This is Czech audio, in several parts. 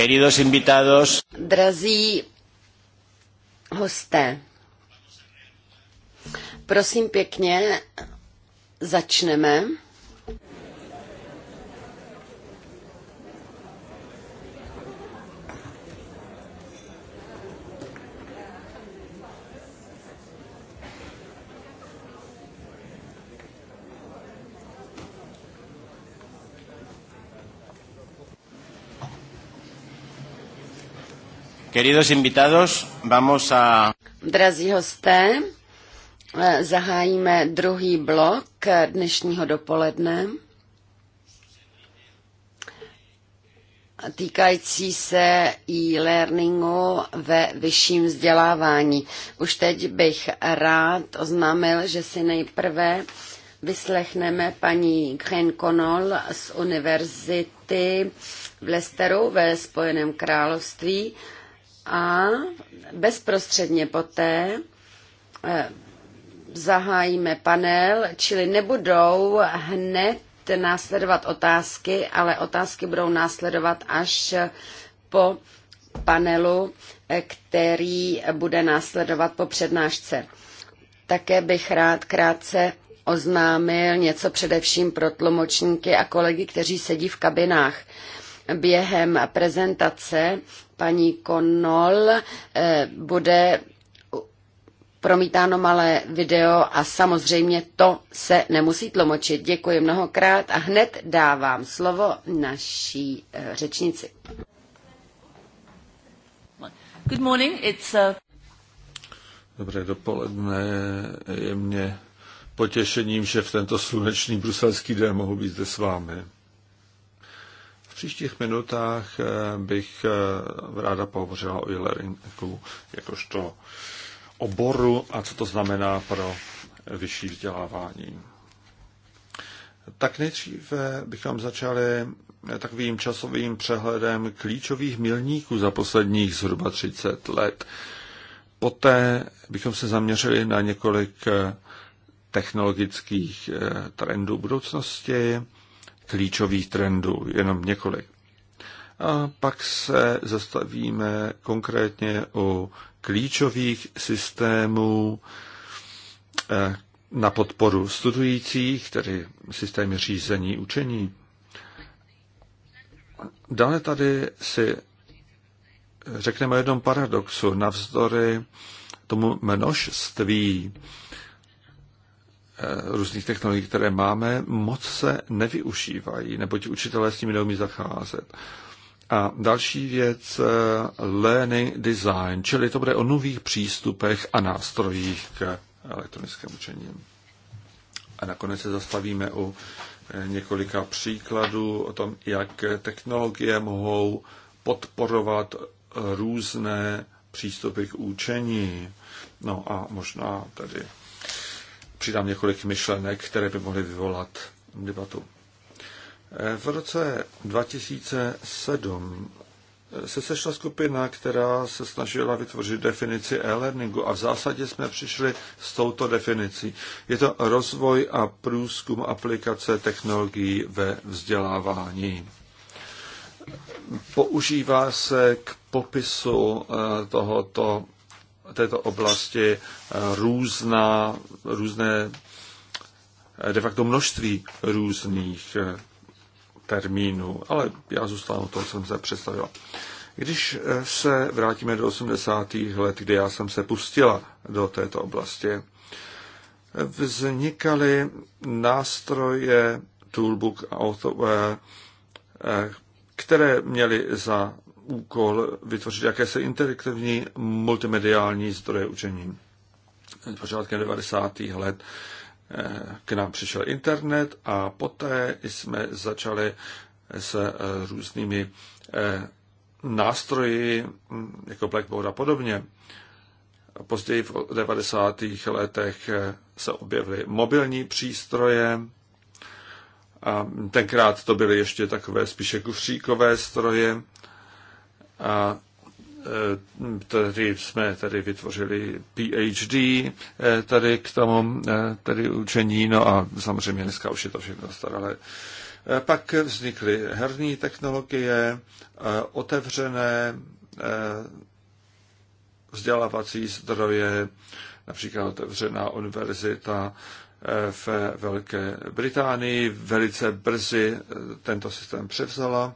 Queridos invitados. Drazí hosté, prosím pěkně, začneme. Queridos invitados, vamos a... Drazí hosté, eh, zahájíme druhý blok eh, dnešního dopoledne. týkající se e-learningu ve vyšším vzdělávání. Už teď bych rád oznámil, že si nejprve vyslechneme paní Grenkonol z univerzity v Lesteru ve Spojeném království, a bezprostředně poté eh, zahájíme panel, čili nebudou hned následovat otázky, ale otázky budou následovat až po panelu, eh, který bude následovat po přednášce. Také bych rád krátce oznámil něco především pro tlumočníky a kolegy, kteří sedí v kabinách. Během prezentace paní Konol eh, bude promítáno malé video a samozřejmě to se nemusí tlumočit. Děkuji mnohokrát a hned dávám slovo naší eh, řečnici. Good morning, it's a... Eh, Dobré dopoledne, je mě potěšením, že v tento slunečný bruselský den mohu být zde s vámi příštích minutách eh, bych eh, ráda pohovořila o e-learningu jakožto oboru a co to znamená pro vyšší vzdělávání. Tak nejdříve bychom začali eh, takovým časovým přehledem klíčových milníků za posledních zhruba 30 let. Poté bychom se zaměřili na několik technologických trendů budoucnosti, klíčových trendů, jenom několik. A pak se zastavíme konkrétně u klíčových systémů eh, na podporu studujících, tedy systémy řízení učení. Dále tady si řekneme o jednom paradoxu. Navzdory tomu množství Eh, různých technologií, které máme, moc se nevyužívají, neboť učitelé s nimi neumí zacházet. A další věc, eh, learning design, čili to bude o nových přístupech a nástrojích k elektronickému učení. A nakonec se zastavíme u eh, několika příkladů o tom, jak technologie mohou podporovat různé přístupy k učení. No a možná tady přidám několik myšlenek, které by mohly vyvolat debatu. V roce 2007 se sešla skupina, která se snažila vytvořit definici e-learningu a v zásadě jsme přišli s touto definicí. Je to rozvoj a průzkum aplikace technologií ve vzdělávání. Používá se k popisu eh, tohoto této oblasti eh, různá, různé, eh, de facto množství různých eh, termínů, ale já zůstávám toho, co jsem se představila. Když se vrátíme do 80. let, kdy já jsem se pustila do této oblasti, vznikaly nástroje Toolbook Autoware, které měly za úkol vytvořit jakési interaktivní multimediální zdroje učení. Počátkem 90. let eh, k nám přišel internet a poté jsme začali s eh, různými eh, nástroji, hm, jako Blackboard a podobně. Později v 90. letech se objevily mobilní přístroje, a tenkrát to byly ještě takové spíše kufříkové stroje a e, tady jsme tady vytvořili PhD, e, tady k tomu e, tady učení, no a samozřejmě dneska už je to všechno staré. Pak vznikly herní technologie, otevřené vzdělávací zdroje, například otevřená univerzita v Velké Británii. Velice brzy tento systém převzala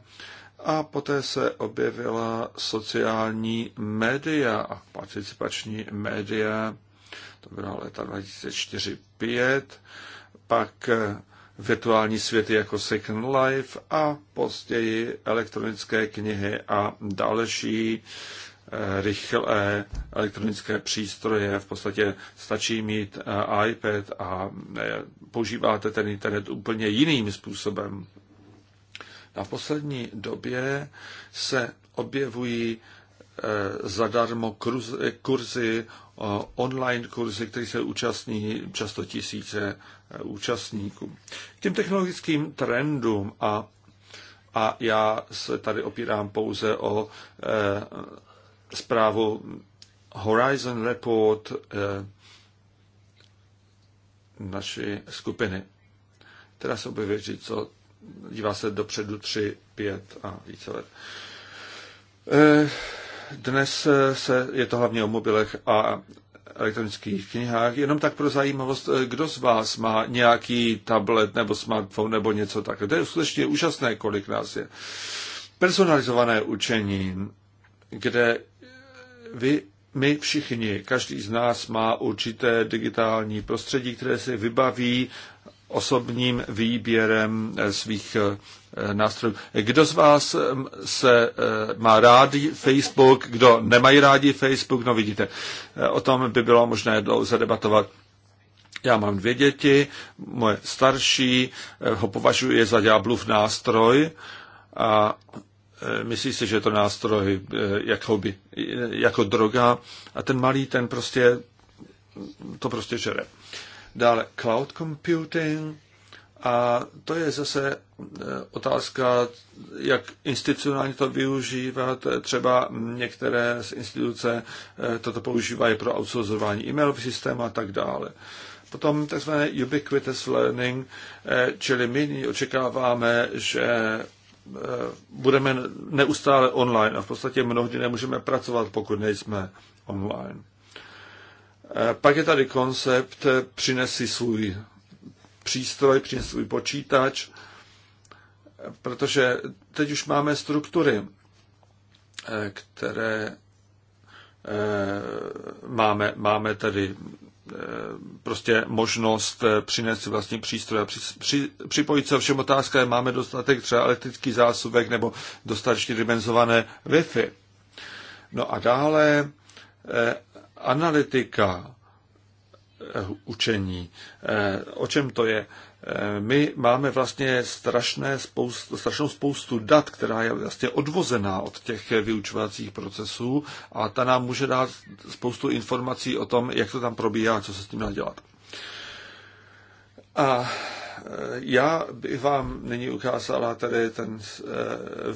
a poté se objevila sociální média a participační média, to byla leta 2004-2005, pak eh, virtuální světy jako Second Life a později elektronické knihy a další eh, rychlé elektronické přístroje. V podstatě stačí mít eh, iPad a používáte ten internet úplně jiným způsobem. A v poslední době se objevují e, zadarmo e, kurzy, online kurzy, které se účastní často tisíce e, účastníků. K těm technologickým trendům a, a já se tady opírám pouze o e, zprávu Horizon Report e, naší skupiny, která se objevuje, co dívá se dopředu 3, 5 a více let. Eh, dnes eh, se, je to hlavně o mobilech a elektronických knihách. Jenom tak pro zajímavost, eh, kdo z vás má nějaký tablet nebo smartphone nebo něco takového. To je skutečně úžasné, kolik nás je. Personalizované učení, kde vy, my všichni, každý z nás má určité digitální prostředí, které si vybaví osobním výběrem eh, svých eh, nástrojů. Kdo z vás mm, se eh, má rádi Facebook, kdo nemají rádi Facebook, no vidíte, o tom by bylo možné dlouze debatovat. Já mám dvě děti, moje starší ho považuje za ďáblův nástroj a myslí si, že je to nástroj jako, by, jako droga a ten malý, ten prostě to prostě žere dále cloud computing a to je zase e, otázka, jak institucionálně to využívat. Třeba některé z instituce e, toto používají pro outsourcování e-mailových systémů a tak dále. Potom tzv. ubiquitous learning, e, čili my očekáváme, že budeme neustále online a v podstatě mnohdy nemůžeme pracovat, pokud nejsme online. Eh, pak je tady koncept eh, přinesi svůj přístroj, přinesi svůj počítač, protože teď už máme struktury, eh, které máme, máme tedy prostě možnost přinést si vlastní přístroj a při, při, připojit se všem otázka, je máme dostatek třeba elektrický zásuvek nebo dostatečně dimenzované Wi-Fi. No a dále analytika eh, učení. Eh, o čem to je? Eh, my máme vlastně strašné spoustu, strašnou spoustu dat, která je vlastně odvozená od těch vyučovacích procesů a ta nám může dát spoustu informací o tom, jak to tam probíhá, co se s tím dá dělat. A já bych vám nyní ukázala tady ten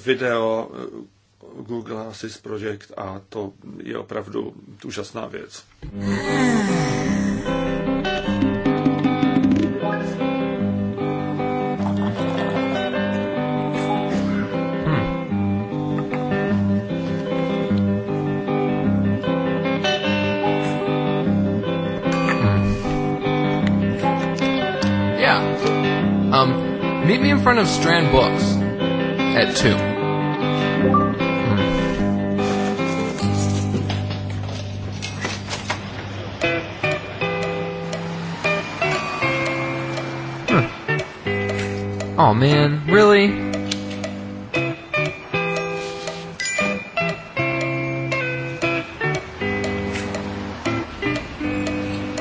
video, Google Assist Project a to je opravdu úžasná věc. Um, meet me in front of Strand Books at 2. Oh man, really?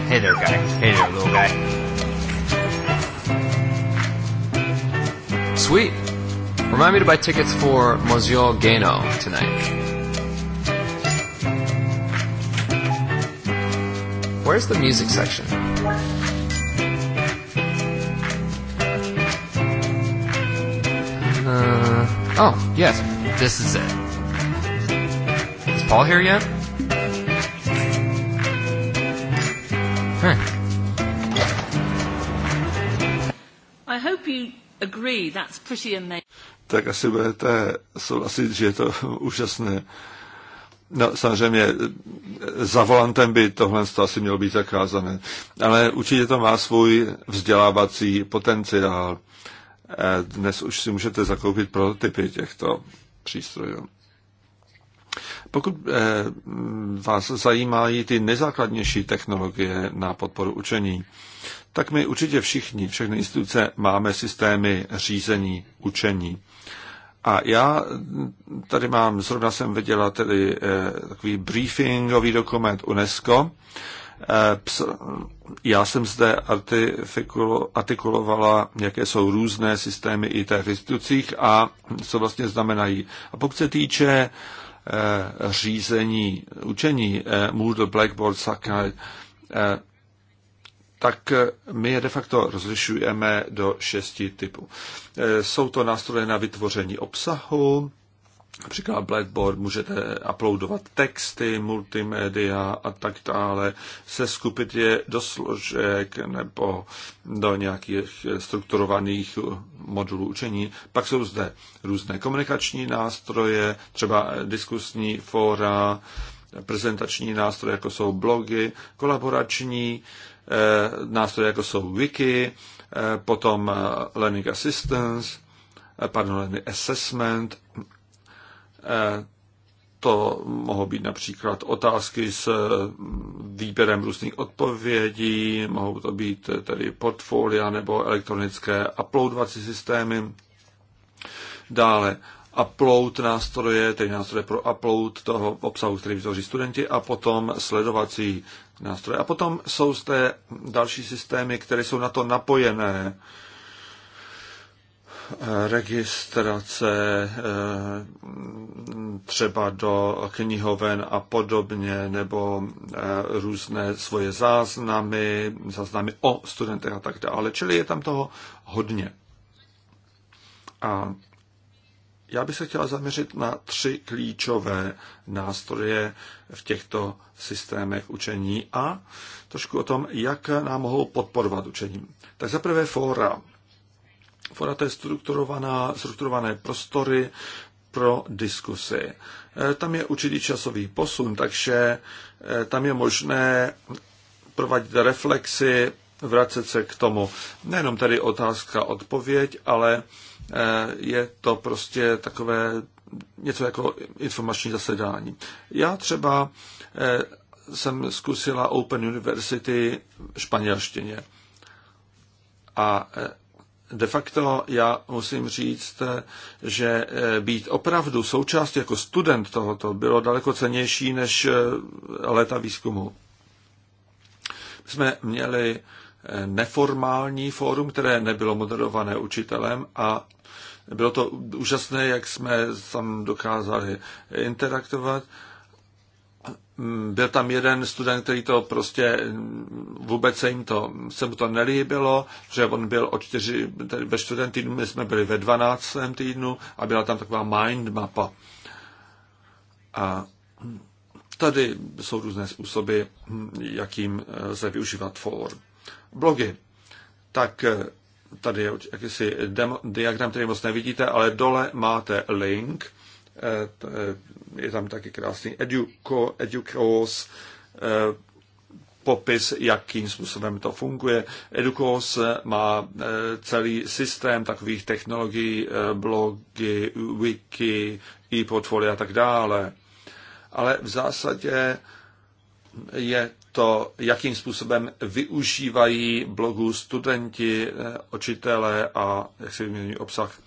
Hey there, guy. Hey there, little guy. Sweet. Remind me to buy tickets for Monsieur Gano tonight. Where's the music section? Oh, yes, this is it. Is Paul here yet? Huh. Hmm. I hope you agree that's pretty amazing. Tak asi budete souhlasit, že je to úžasné. No, samozřejmě za volantem by tohle asi mělo být zakázané, ale určitě to má svůj vzdělávací potenciál. Uh, dnes už si můžete zakoupit prototypy těchto přístrojů. Pokud eh, vás zajímají ty nejzákladnější technologie na podporu učení, tak my určitě všichni, všechny instituce máme systémy řízení učení. A já tady mám, zrovna jsem viděla tedy eh, takový briefingový dokument UNESCO, Eh, já jsem zde artikulovala, jaké jsou různé systémy i těch institucích a co vlastně znamenají. A pokud se týče eh, řízení učení eh, Moodle, Blackboard, Sakai, tak my je de facto rozlišujeme do šesti typů. Jsou to nástroje na vytvoření obsahu, Například Blackboard můžete uploadovat texty, multimédia a tak dále, se skupit je do složek nebo do nějakých strukturovaných modulů učení. Pak jsou zde různé komunikační nástroje, třeba diskusní fóra, prezentační nástroje, jako jsou blogy, kolaborační eh, nástroje, jako jsou wiki, eh, potom eh, learning assistance, pardon, learning assessment, to mohou být například otázky s eh, výběrem různých odpovědí, mohou to být eh, tedy portfolia nebo elektronické uploadovací systémy. Dále upload nástroje, tedy nástroje pro upload toho obsahu, který vytvoří studenti, a potom sledovací nástroje. A potom jsou zde další systémy, které jsou na to napojené registrace eh, třeba do knihoven a podobně, nebo eh, různé svoje záznamy, záznamy o studentech a tak dále. Čili je tam toho hodně. A já bych se chtěla zaměřit na tři klíčové nástroje v těchto systémech učení a trošku o tom, jak nám mohou podporovat učení. Tak zaprvé fóra fora, to je strukturovaná, strukturované prostory pro diskusy. E, tam je určitý časový posun, takže e, tam je možné provádět reflexy, vracet se k tomu. Nejenom tady otázka, odpověď, ale e, je to prostě takové něco jako informační zasedání. Já třeba jsem zkusila Open University v španělštině. A de facto já musím říct, že eh, být opravdu součást jako student tohoto bylo daleko cenější než eh, léta výzkumu. My jsme měli eh, neformální fórum, které nebylo moderované učitelem a bylo to úžasné, jak jsme tam dokázali interaktovat Mm, byl tam jeden student, který to prostě mm, vůbec se jim to, se mu to nelíbilo, že on byl o čtyři, tedy ve čtvrtém týdnu, my jsme byli ve dvanáctém týdnu a byla tam taková mind mapa. A mm, tady jsou různé způsoby, jakým eh, se využívat for. Blogy. Tak eh, tady je jakýsi diagram, který moc nevidíte, ale dole máte link, eh, je tam taky krásný eduko edukos eh, popis, jakým způsobem to funguje. edukos má eh, celý systém takových technologií, eh, blogy, wiki, e-portfolio a tak dále. Ale v zásadě je to, jakým způsobem využívají blogu studenti, učitele a jak se vyměňují obsah.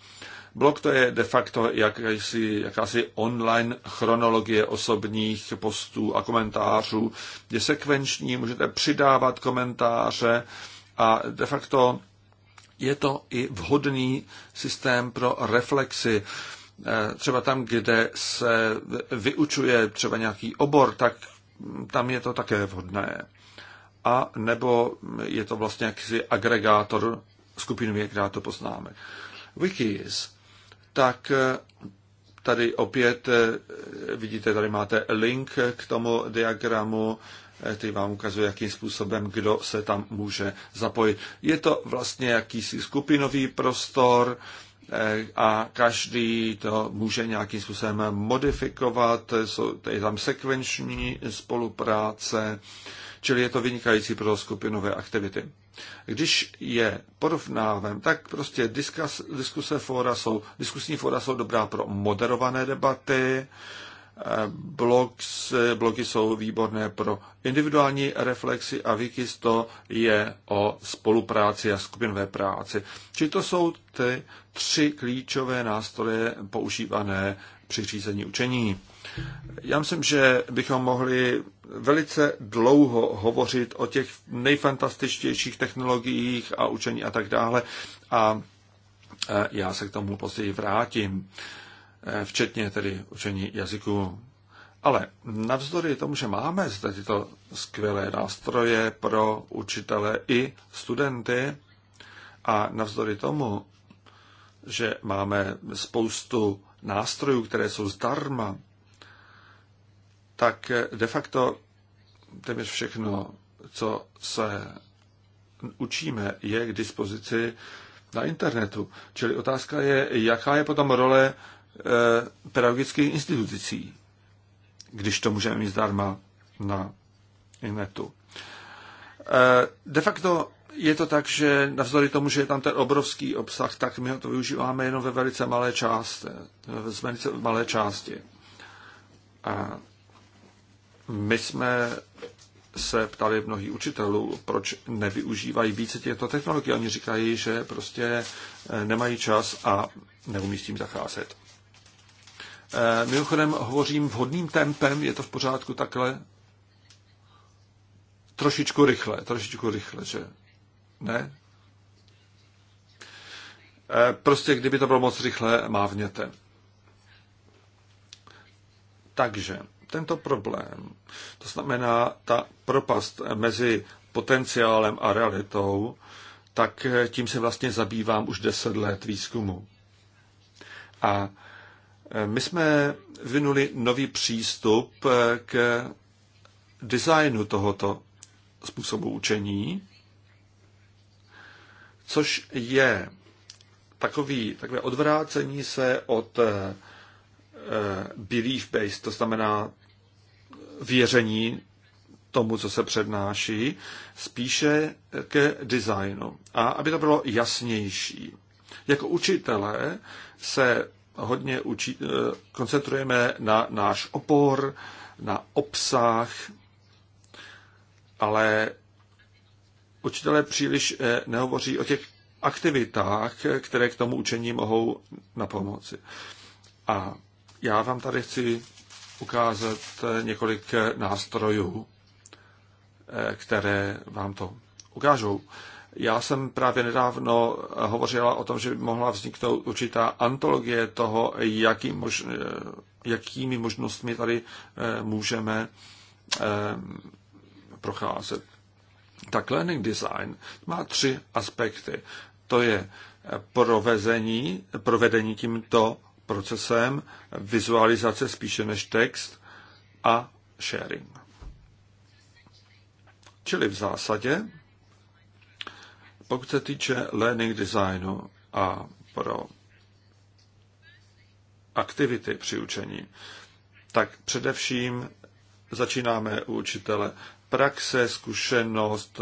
Blog to je de facto jakási, jakási online chronologie osobních postů a komentářů. Je sekvenční, můžete přidávat komentáře a de facto je to i vhodný systém pro reflexy. Eh, třeba tam, kde se vyučuje třeba nějaký obor, tak tam je to také vhodné. A nebo je to vlastně jakýsi agregátor skupinově, která to poznáme. Wikis tak eh, tady opět eh, vidíte, tady máte link k tomu diagramu, který eh, vám ukazuje, jakým způsobem kdo se tam může zapojit. Je to vlastně jakýsi skupinový prostor a každý to může nějakým způsobem modifikovat, jsou, je tam sekvenční spolupráce, čili je to vynikající pro skupinové aktivity. Když je porovnávám, tak prostě diskus, diskuse fóra jsou, diskusní fóra jsou dobrá pro moderované debaty, eh, blogs, blogy jsou výborné pro individuální reflexy a Wikisto je o spolupráci a skupinové práci. Či to jsou ty tři klíčové nástroje používané při řízení učení. Já myslím, že bychom mohli velice dlouho hovořit o těch nejfantastičtějších technologiích a učení a tak dále. A já se k tomu později vrátím, e, včetně tedy učení jazyku. Ale navzdory tomu, že máme zde tyto skvělé nástroje pro učitele i studenty, a navzdory tomu, že máme spoustu nástrojů, které jsou zdarma, tak de facto téměř všechno, co se učíme, je k dispozici na internetu. Čili otázka je, jaká je potom role eh, pedagogických institucí, když to můžeme mít zdarma na internetu. Eh, de facto je to tak, že navzdory tomu, že je tam ten obrovský obsah, tak my ho to využíváme jenom ve velice malé části. Ve eh, velice malé části. A my jsme se ptali mnohých učitelů, proč nevyužívají více těchto technologií. Oni říkají, že prostě eh, nemají čas a neumí s tím zacházet. Eh, mimochodem hovořím vhodným tempem, je to v pořádku takhle? Trošičku rychle, trošičku rychle, že? Ne? Eh, prostě kdyby to bylo moc rychle, mávněte. Takže tento problém. To znamená, ta propast mezi potenciálem a realitou, tak eh, tím se vlastně zabývám už deset let výzkumu. A eh, my jsme vynuli nový přístup eh, k designu tohoto způsobu učení, což je takový, takové odvrácení se od belief-based, to znamená věření tomu, co se přednáší, spíše ke designu. A aby to bylo jasnější. Jako učitelé se hodně učí, eh, koncentrujeme na náš opor, na obsah, ale učitelé příliš eh, nehovoří o těch aktivitách, které k tomu učení mohou napomoci. A já vám tady chci ukázat několik nástrojů, eh, které vám to ukážou. Já jsem právě nedávno hovořila o tom, že by mohla vzniknout určitá antologie toho, jaký mož, eh, jakými možnostmi tady eh, můžeme procházet. Tak learning design má tři aspekty. To je provezení, provedení tímto procesem vizualizace spíše než text a sharing. Čili v zásadě, pokud se týče learning designu a pro aktivity při učení, tak především začínáme u učitele praxe, zkušenost,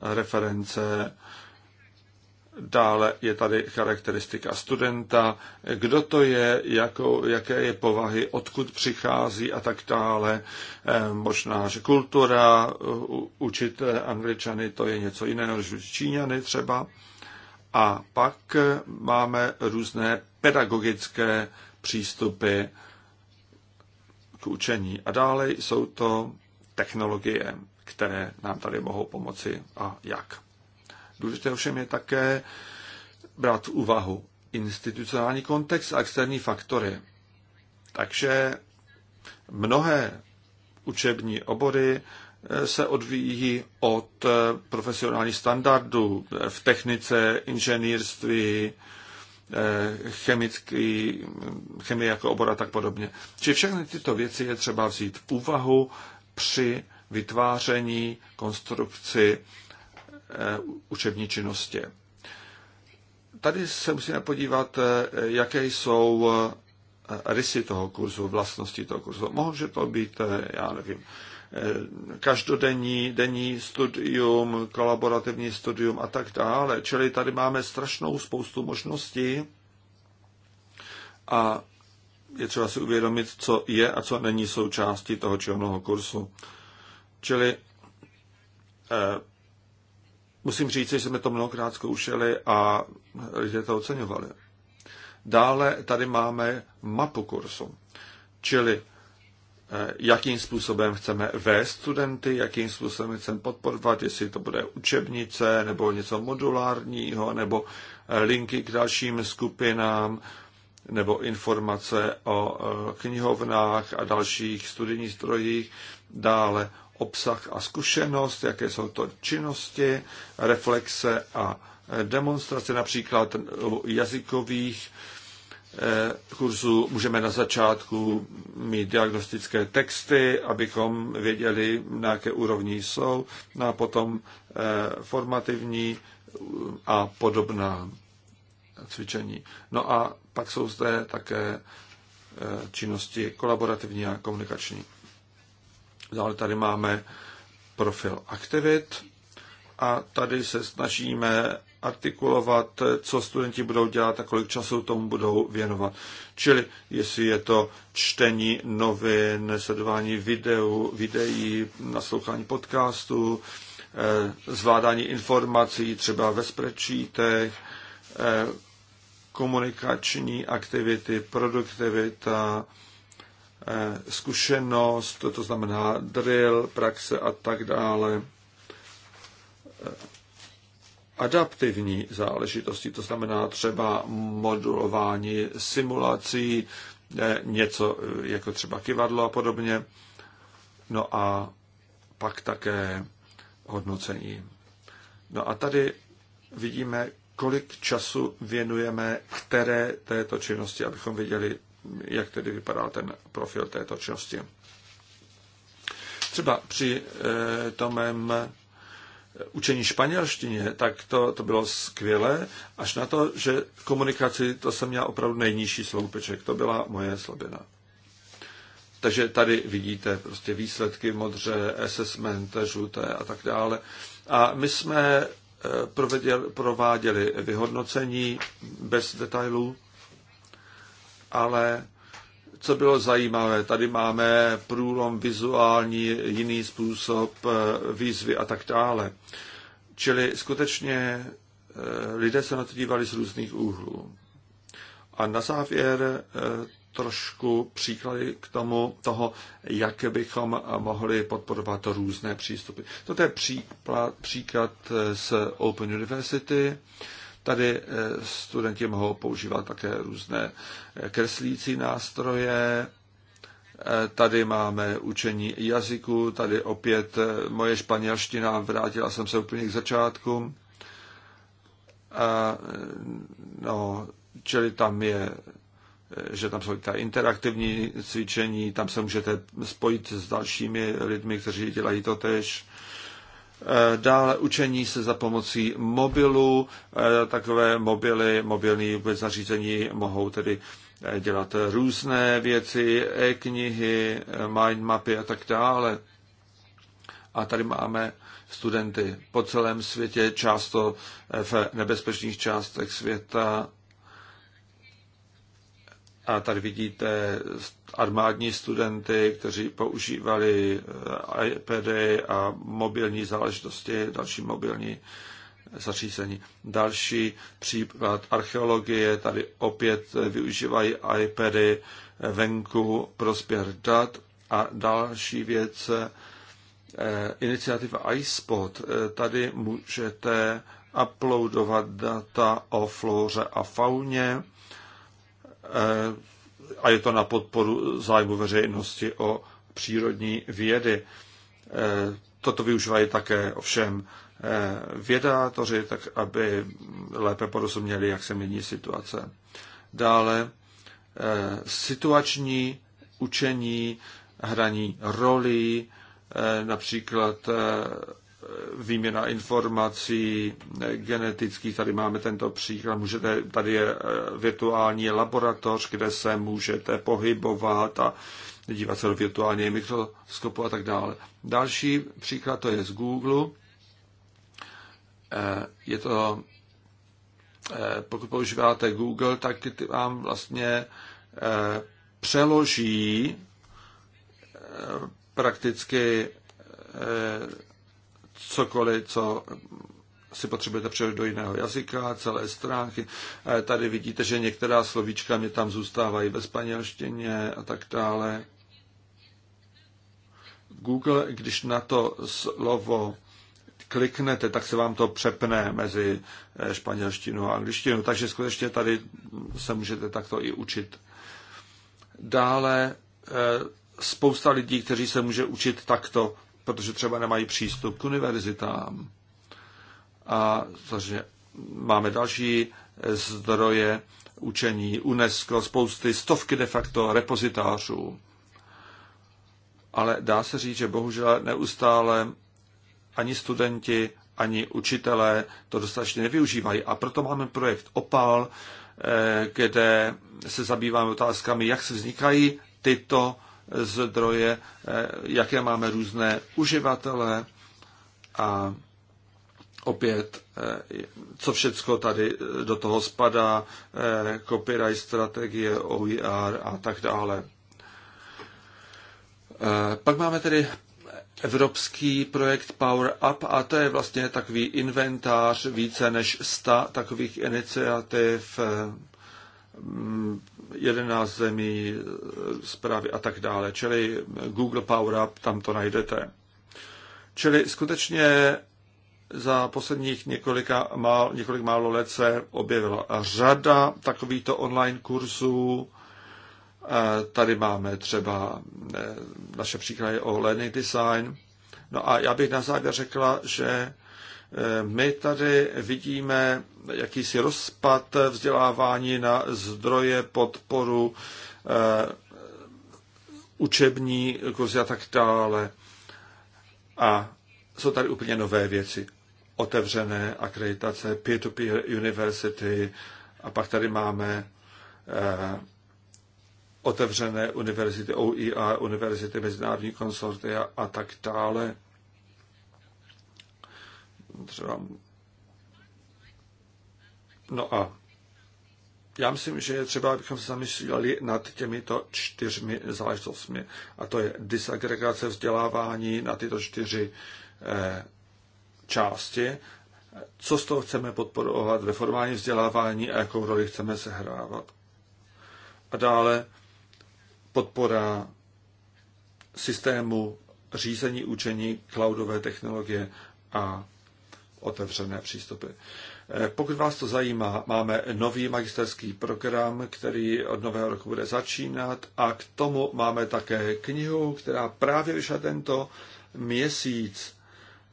reference, Dále je tady charakteristika studenta, kdo to je, jakou, jaké je povahy, odkud přichází a tak dále. Eh, možná, že kultura, učit angličany, to je něco jiného než číňany třeba. A pak máme různé pedagogické přístupy k učení. A dále jsou to technologie, které nám tady mohou pomoci a jak. Důležité ovšem je také brát v úvahu institucionální kontext a externí faktory. Takže mnohé učební obory eh, se odvíjí od eh, profesionálních standardů eh, v technice, inženýrství, chemický, chemie jako obor a tak podobně. Či všechny tyto věci je třeba vzít v úvahu při vytváření, konstrukci Eh, učební činnosti. Tady se musíme podívat, eh, jaké jsou eh, rysy toho kurzu, vlastnosti toho kurzu. Může to být, já nevím, každodenní denní studium, kolaborativní studium a tak dále. Čili tady máme strašnou spoustu možností a je třeba si uvědomit, co je a co není součástí toho či onoho kursu. Čili Musím říct, že jsme to mnohokrát zkoušeli a lidé to oceňovali. Dále tady máme mapu kursu, čili eh, jakým způsobem chceme vést studenty, jakým způsobem chceme podporovat, jestli to bude učebnice nebo něco modulárního, nebo eh, linky k dalším skupinám, nebo informace o eh, knihovnách a dalších studijních strojích, dále obsah a zkušenost, jaké jsou to činnosti, reflexe a eh, demonstrace, například jazykových eh, kurzů, můžeme na začátku mít diagnostické texty, abychom věděli, na jaké úrovni jsou, no a potom eh, formativní a podobná cvičení. No a pak jsou zde také činnosti kolaborativní a komunikační. Dále tady máme profil aktivit a tady se snažíme artikulovat, co studenti budou dělat a kolik času tomu budou věnovat. Čili jestli je to čtení novin, sledování videu, videí, naslouchání podcastů, eh, zvládání informací třeba ve sprečítech, eh, komunikační aktivity, produktivita, Eh, zkušenost, to znamená drill, praxe a tak dále. Eh, adaptivní záležitosti, to znamená třeba modulování simulací, eh, něco jako třeba kivadlo a podobně. No a pak také hodnocení. No a tady vidíme, kolik času věnujeme které této činnosti, abychom viděli jak tedy vypadá ten profil této činnosti. Třeba při eh, tomém eh, učení španělštině, tak to, to bylo skvělé, až na to, že v komunikaci to jsem měl opravdu nejnižší sloupeček. To byla moje slabina. Takže tady vidíte prostě výsledky modře, assessment, žluté a tak dále. A my jsme eh, prováděli vyhodnocení bez detailů ale co bylo zajímavé, tady máme průlom vizuální, jiný způsob eh, výzvy a tak dále. Čili skutečně eh, lidé se na to dívali z různých úhlů. A na závěr eh, trošku příklady k tomu toho, jak bychom mohli podporovat různé přístupy. Toto je příklad, z Open University, Tady eh, studenti mohou používat také různé eh, kreslící nástroje, eh, Tady máme učení jazyku, tady opět moje španělština, vrátila jsem se úplně k začátku. no, čili tam je, že tam jsou ta interaktivní cvičení, tam se můžete spojit s dalšími lidmi, kteří dělají to tež. Eh, dále učení se za pomocí mobilů, eh, Takové mobily, mobilní zařízení mohou tedy eh, dělat různé věci, e-knihy, mindmapy a tak dále. A tady máme studenty po celém světě, často v nebezpečných částech světa, a tady vidíte armádní studenty, kteří používali eh, iPady a mobilní záležitosti, další mobilní eh, zařízení. Další příklad archeologie, tady opět eh, využívají iPady venku pro sběr dat. A další věc, iniciativa iSpot, tady můžete uploadovat data o flóře a fauně Eh, a je to na podporu zájmu veřejnosti o přírodní vědy. Eh, toto využívají také ovšem eh, vědátoři, tak aby lépe porozuměli, jak se mění situace. Dále situační učení hraní roli, například výměna informací eh, genetických. Tady máme tento příklad. Můžete, tady je eh, virtuální laboratoř, kde se můžete pohybovat a dívat se do virtuálního mikroskopu a tak dále. Další příklad to je z Google. Eh, je to, pokud používáte Google, tak vám vlastně přeloží prakticky cokoliv, co si potřebujete přeložit do jiného jazyka, celé stránky. E, tady vidíte, že některá slovíčka mě tam zůstávají ve španělštině a tak dále. Google, když na to slovo kliknete, tak se vám to přepne mezi e, španělštinu a angličtinu. Takže skutečně tady se můžete takto i učit. Dále e, spousta lidí, kteří se může učit takto protože třeba nemají přístup k univerzitám. A samozřejmě máme další zdroje učení UNESCO, spousty, stovky de facto repozitářů. Ale dá se říct, že bohužel neustále ani studenti, ani učitelé to dostatečně nevyužívají. A proto máme projekt OPAL, eh, kde se zabýváme otázkami, jak se vznikají tyto zdroje, eh, jaké máme různé uživatele a opět, eh, co všecko tady eh, do toho spadá, copyright strategie, OER a tak dále. Pak máme tedy evropský projekt Power Up a to je vlastně takový inventář více než 100 takových iniciativ 11 zemí, eh, zprávy a tak dále. Čili Google Power Up, tam to najdete. Čili skutečně za posledních několika, mál, několik málo let se objevila řada takovýchto online kurzů. Tady máme třeba eh, naše příklady o learning design. No a já bych na závěr řekla, že Eh, my tady vidíme jakýsi rozpad vzdělávání na zdroje, podporu, eh, učební kurzy a tak dále. A jsou tady úplně nové věci. Otevřené akreditace, peer-to-peer -peer university a pak tady máme eh, otevřené univerzity OER, univerzity mezinárodní konsorty a tak dále třeba. No a já myslím, že je třeba, abychom se zamysleli nad těmito čtyřmi záležitostmi. A to je disagregace vzdělávání na tyto čtyři eh, části. Co z toho chceme podporovat ve formální vzdělávání a jakou roli chceme sehrávat. A dále podpora systému řízení učení cloudové technologie a otevřené přístupy. Eh, pokud vás to zajímá, máme nový magisterský program, který od nového roku bude začínat a k tomu máme také knihu, která právě vyšla tento měsíc,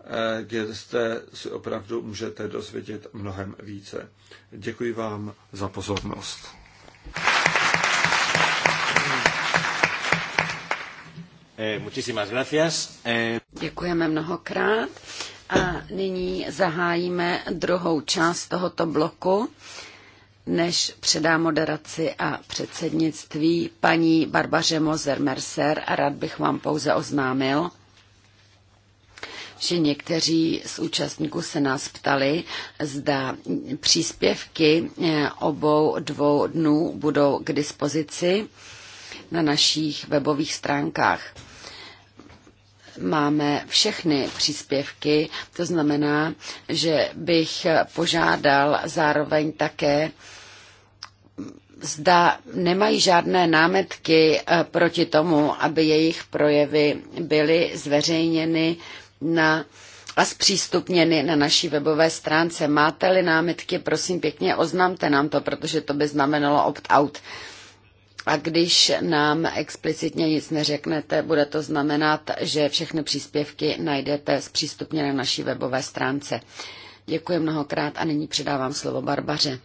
eh, kde jste si opravdu můžete dozvědět mnohem více. Děkuji vám za pozornost. Eh, Děkujeme mnohokrát. A nyní zahájíme druhou část tohoto bloku, než předá moderaci a předsednictví paní Barbaře Mozer-Mercer. A rád bych vám pouze oznámil, že někteří z účastníků se nás ptali, zda příspěvky eh, obou dvou dnů budou k dispozici na našich webových stránkách máme všechny příspěvky, to znamená, že bych požádal zároveň také zda nemají žádné námetky eh, proti tomu, aby jejich projevy byly zveřejněny na a zpřístupněny na naší webové stránce. Máte-li námitky, prosím pěkně, oznamte nám to, protože to by znamenalo opt-out. A když nám explicitně nic neřeknete, bude to znamenat, že všechny příspěvky najdete zpřístupně na naší webové stránce. Děkuji mnohokrát a nyní předávám slovo Barbaře.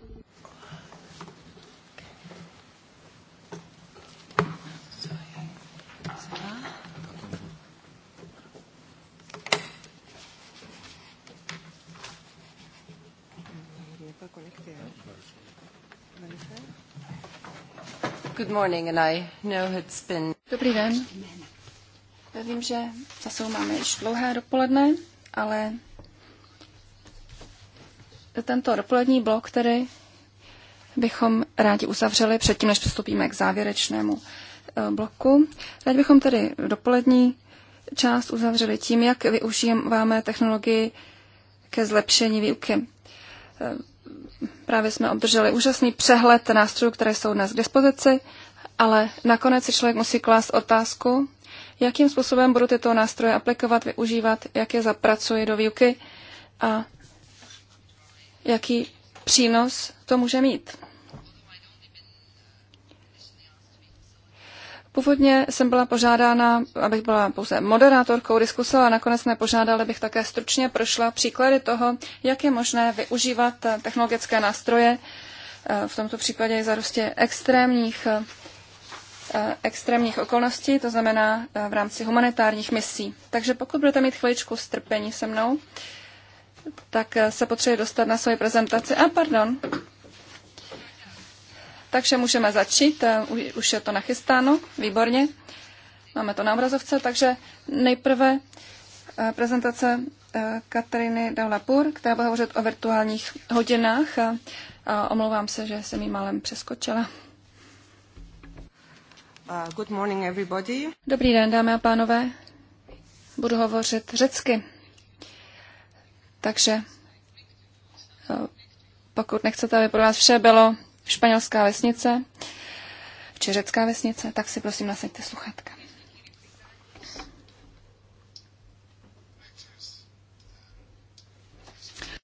Good morning and I know it's been... Dobrý den. Já vím, že za sebou máme již dlouhé dopoledne, ale tento dopolední blok, který bychom rádi uzavřeli předtím, než přistoupíme k závěrečnému eh, bloku. Teď bychom tedy dopolední část uzavřeli tím, jak využíváme technologii ke zlepšení výuky. Eh, Právě jsme obdrželi úžasný přehled nástrojů, které jsou dnes k dispozici, ale nakonec si člověk musí klást otázku, jakým způsobem budu tyto nástroje aplikovat, využívat, jak je zapracuji do výuky a jaký přínos to může mít. Původně jsem byla požádána, abych byla pouze moderátorkou diskuse, ale nakonec jsme požádali, abych také stručně prošla příklady toho, jak je možné využívat technologické nástroje, eh, v tomto případě i za prostě extrémních, eh, extrémních okolností, to znamená eh, v rámci humanitárních misí. Takže pokud budete mít chviličku strpení se mnou, tak se potřebuje dostat na svoji prezentaci. A pardon, takže můžeme začít, eh, už je to nachystáno, výborně. Máme to na obrazovce, takže nejprve eh, prezentace eh, Katariny Daulapur, která bude hovořit o virtuálních hodinách. A, omlouvám se, že jsem ji malem přeskočila. Uh, good morning everybody. Dobrý den, dámy a pánové. Budu hovořit řecky. Takže pokud nechcete, aby pro vás vše bylo španělská vesnice či řecká vesnice, tak si prosím nasaďte sluchátka.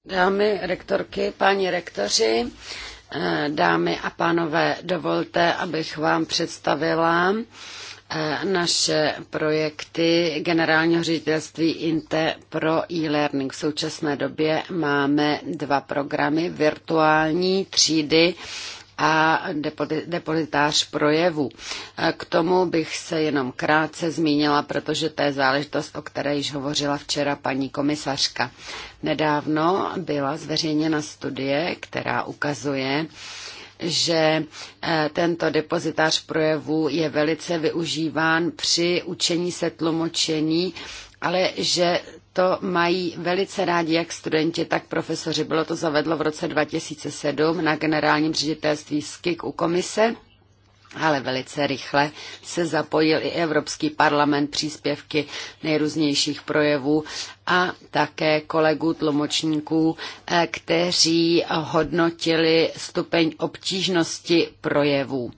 Dámy rektorky, páni rektoři, eh, dámy a pánové, dovolte, abych vám představila naše projekty generálního ředitelství INTE pro e-learning. V současné době máme dva programy, virtuální třídy a depozitář projevu. K tomu bych se jenom krátce zmínila, protože to je záležitost, o které již hovořila včera paní komisařka. Nedávno byla zveřejněna studie, která ukazuje, že eh, tento depozitář projevu je velice využíván při učení se tlumočení, ale že to mají velice rádi jak studenti, tak profesoři. Bylo to zavedlo v roce 2007 na generálním ředitelství SKIK u komise ale velice rychle se zapojil i Evropský parlament příspěvky nejrůznějších projevů a také kolegů tlumočníků, eh, kteří hodnotili stupeň obtížnosti projevů.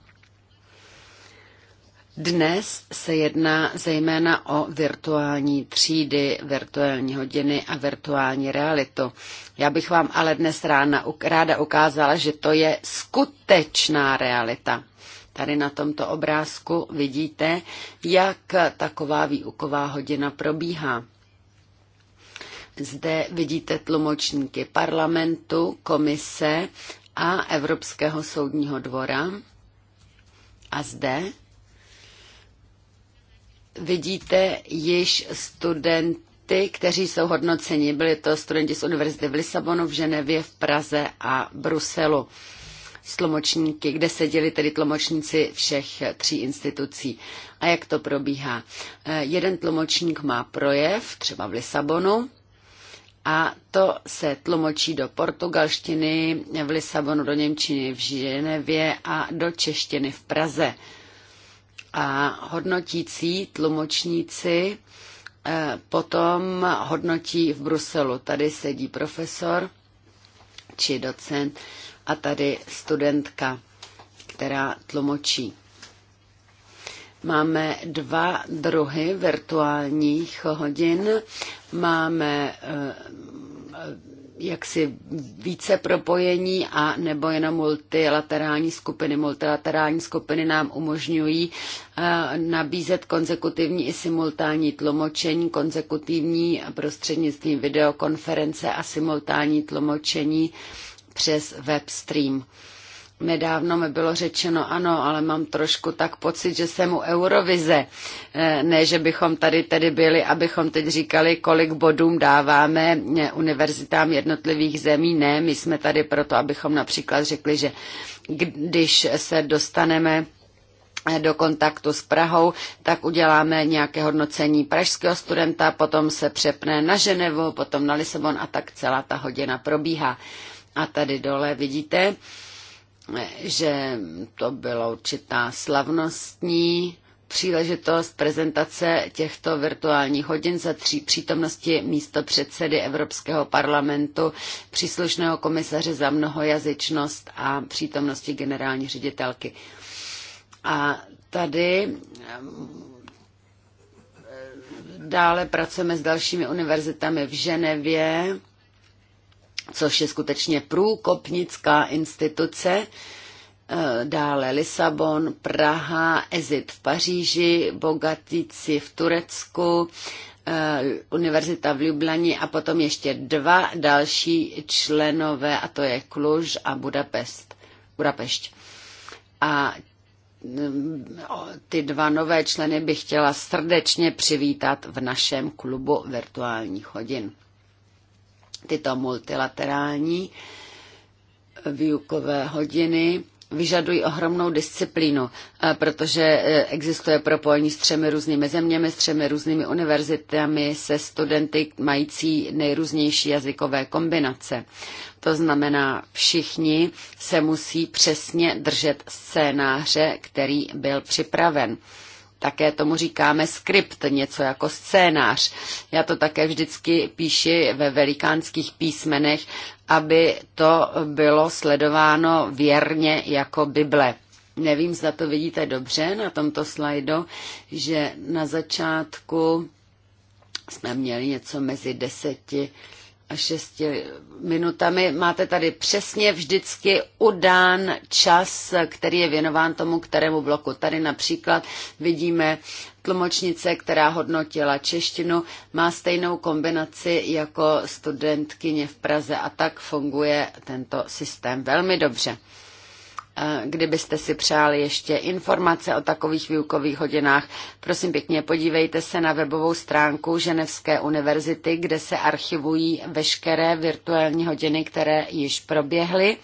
Dnes se jedná zejména o virtuální třídy, virtuální hodiny a virtuální realitu. Já bych vám ale dnes ráda ukázala, že to je skutečná realita. Tady na tomto obrázku vidíte, jak taková výuková hodina probíhá. Zde vidíte tlumočníky parlamentu, komise a Evropského soudního dvora. A zde vidíte již studenty, kteří jsou hodnoceni. Byli to studenti z Univerzity v Lisabonu, v Ženevě, v Praze a Bruselu s tlumočníky, kde seděli tedy tlumočníci všech tří institucí. A jak to probíhá? Eh, jeden tlumočník má projev, třeba v Lisabonu, a to se tlumočí do portugalštiny, v Lisabonu do Němčiny v Ženevě a do češtiny v Praze. A hodnotící tlumočníci eh, potom hodnotí v Bruselu. Tady sedí profesor či docent a tady studentka, která tlumočí. Máme dva druhy virtuálních hodin. Máme eh, jaksi více propojení a nebo jenom multilaterální skupiny. Multilaterální skupiny nám umožňují eh, nabízet konsekutivní i simultánní tlumočení, konsekutivní prostřednictvím videokonference a simultánní tlumočení přes webstream. Nedávno mi bylo řečeno ano, ale mám trošku tak pocit, že jsem u Eurovize. Eh, ne, že bychom tady tedy byli, abychom teď říkali, kolik bodům dáváme eh, univerzitám jednotlivých zemí. Ne, my jsme tady proto, abychom například řekli, že když se dostaneme eh, do kontaktu s Prahou, tak uděláme nějaké hodnocení pražského studenta, potom se přepne na Ženevu, potom na Lisabon a tak celá ta hodina probíhá. A tady dole vidíte, že to byla určitá slavnostní příležitost prezentace těchto virtuálních hodin za tří přítomnosti místo předsedy Evropského parlamentu, příslušného komisaře za mnohojazyčnost a přítomnosti generální ředitelky. A tady eh, dále pracujeme s dalšími univerzitami v Ženevě, což je skutečně průkopnická instituce. Eh, dále Lisabon, Praha, Ezit v Paříži, Bogatici v Turecku, eh, Univerzita v Ljubljani a potom ještě dva další členové, a to je Kluž a Budapest. Budapešť. A mm, ty dva nové členy bych chtěla srdečně přivítat v našem klubu virtuálních hodin. Tyto multilaterální výukové hodiny vyžadují ohromnou disciplínu, eh, protože eh, existuje propojení s třemi různými zeměmi, s třemi různými univerzitami, se studenty mající nejrůznější jazykové kombinace. To znamená, všichni se musí přesně držet scénáře, který byl připraven také tomu říkáme skript, něco jako scénář. Já to také vždycky píši ve velikánských písmenech, aby to bylo sledováno věrně jako Bible. Nevím, zda to vidíte dobře na tomto slajdu, že na začátku jsme měli něco mezi deseti šesti minutami. Máte tady přesně vždycky udán čas, který je věnován tomu, kterému bloku. Tady například vidíme tlumočnice, která hodnotila češtinu, má stejnou kombinaci jako studentkyně v Praze a tak funguje tento systém velmi dobře kdybyste si přáli ještě informace o takových výukových hodinách, prosím pěkně podívejte se na webovou stránku Ženevské univerzity, kde se archivují veškeré virtuální hodiny, které již proběhly.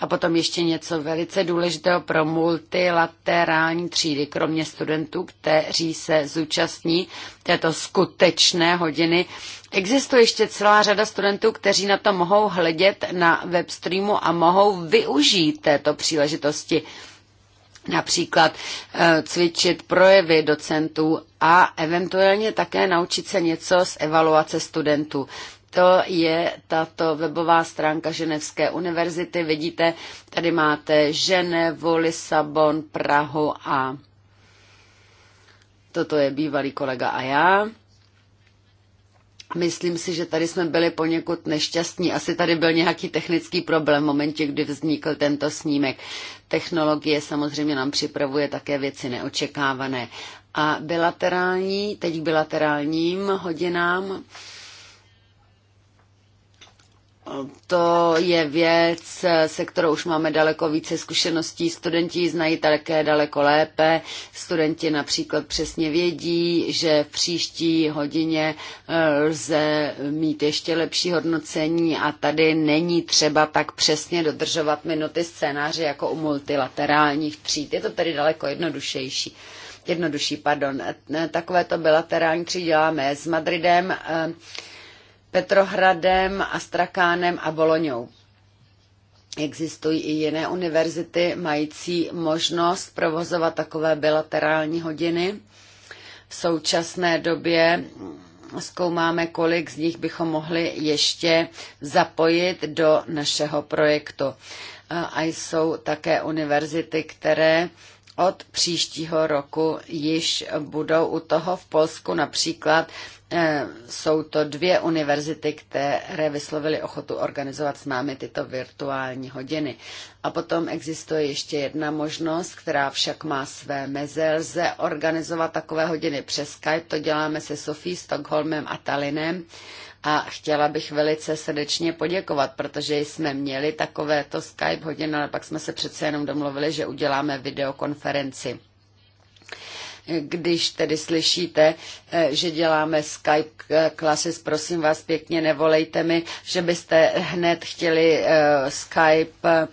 A potom ještě něco velice důležitého pro multilaterální třídy, kromě studentů, kteří se zúčastní této skutečné hodiny. Existuje ještě celá řada studentů, kteří na to mohou hledět na webstreamu a mohou využít této příležitosti například eh, cvičit projevy docentů a eventuálně také naučit se něco z evaluace studentů to je tato webová stránka Ženevské univerzity. Vidíte, tady máte Ženevu, Lisabon, Prahu a toto je bývalý kolega a já. Myslím si, že tady jsme byli poněkud nešťastní. Asi tady byl nějaký technický problém v momentě, kdy vznikl tento snímek. Technologie samozřejmě nám připravuje také věci neočekávané. A bilaterální, teď k bilaterálním hodinám. To je věc, se kterou už máme daleko více zkušeností. Studenti ji znají také daleko lépe. Studenti například přesně vědí, že v příští hodině eh, lze mít ještě lepší hodnocení a tady není třeba tak přesně dodržovat minuty scénáře jako u multilaterálních tříd. Je to tady daleko jednodušejší jednodušší, pardon. Eh, Takovéto bilaterální tří děláme s Madridem. Eh, Petrohradem, Astrakánem a Boloňou. Existují i jiné univerzity mající možnost provozovat takové bilaterální hodiny. V současné době zkoumáme, kolik z nich bychom mohli ještě zapojit do našeho projektu. A jsou také univerzity, které od příštího roku již budou u toho v Polsku například eh, jsou to dvě univerzity, které vyslovily ochotu organizovat s námi tyto virtuální hodiny. A potom existuje ještě jedna možnost, která však má své meze. Lze organizovat takové hodiny přes Skype, to děláme se Sofí, Stockholmem a Tallinem a chtěla bych velice srdečně poděkovat, protože jsme měli takovéto Skype hodinu, ale pak jsme se přece jenom domluvili, že uděláme videokonferenci když tedy slyšíte, eh, že děláme Skype classes, eh, prosím vás pěkně, nevolejte mi, že byste hned chtěli eh, Skype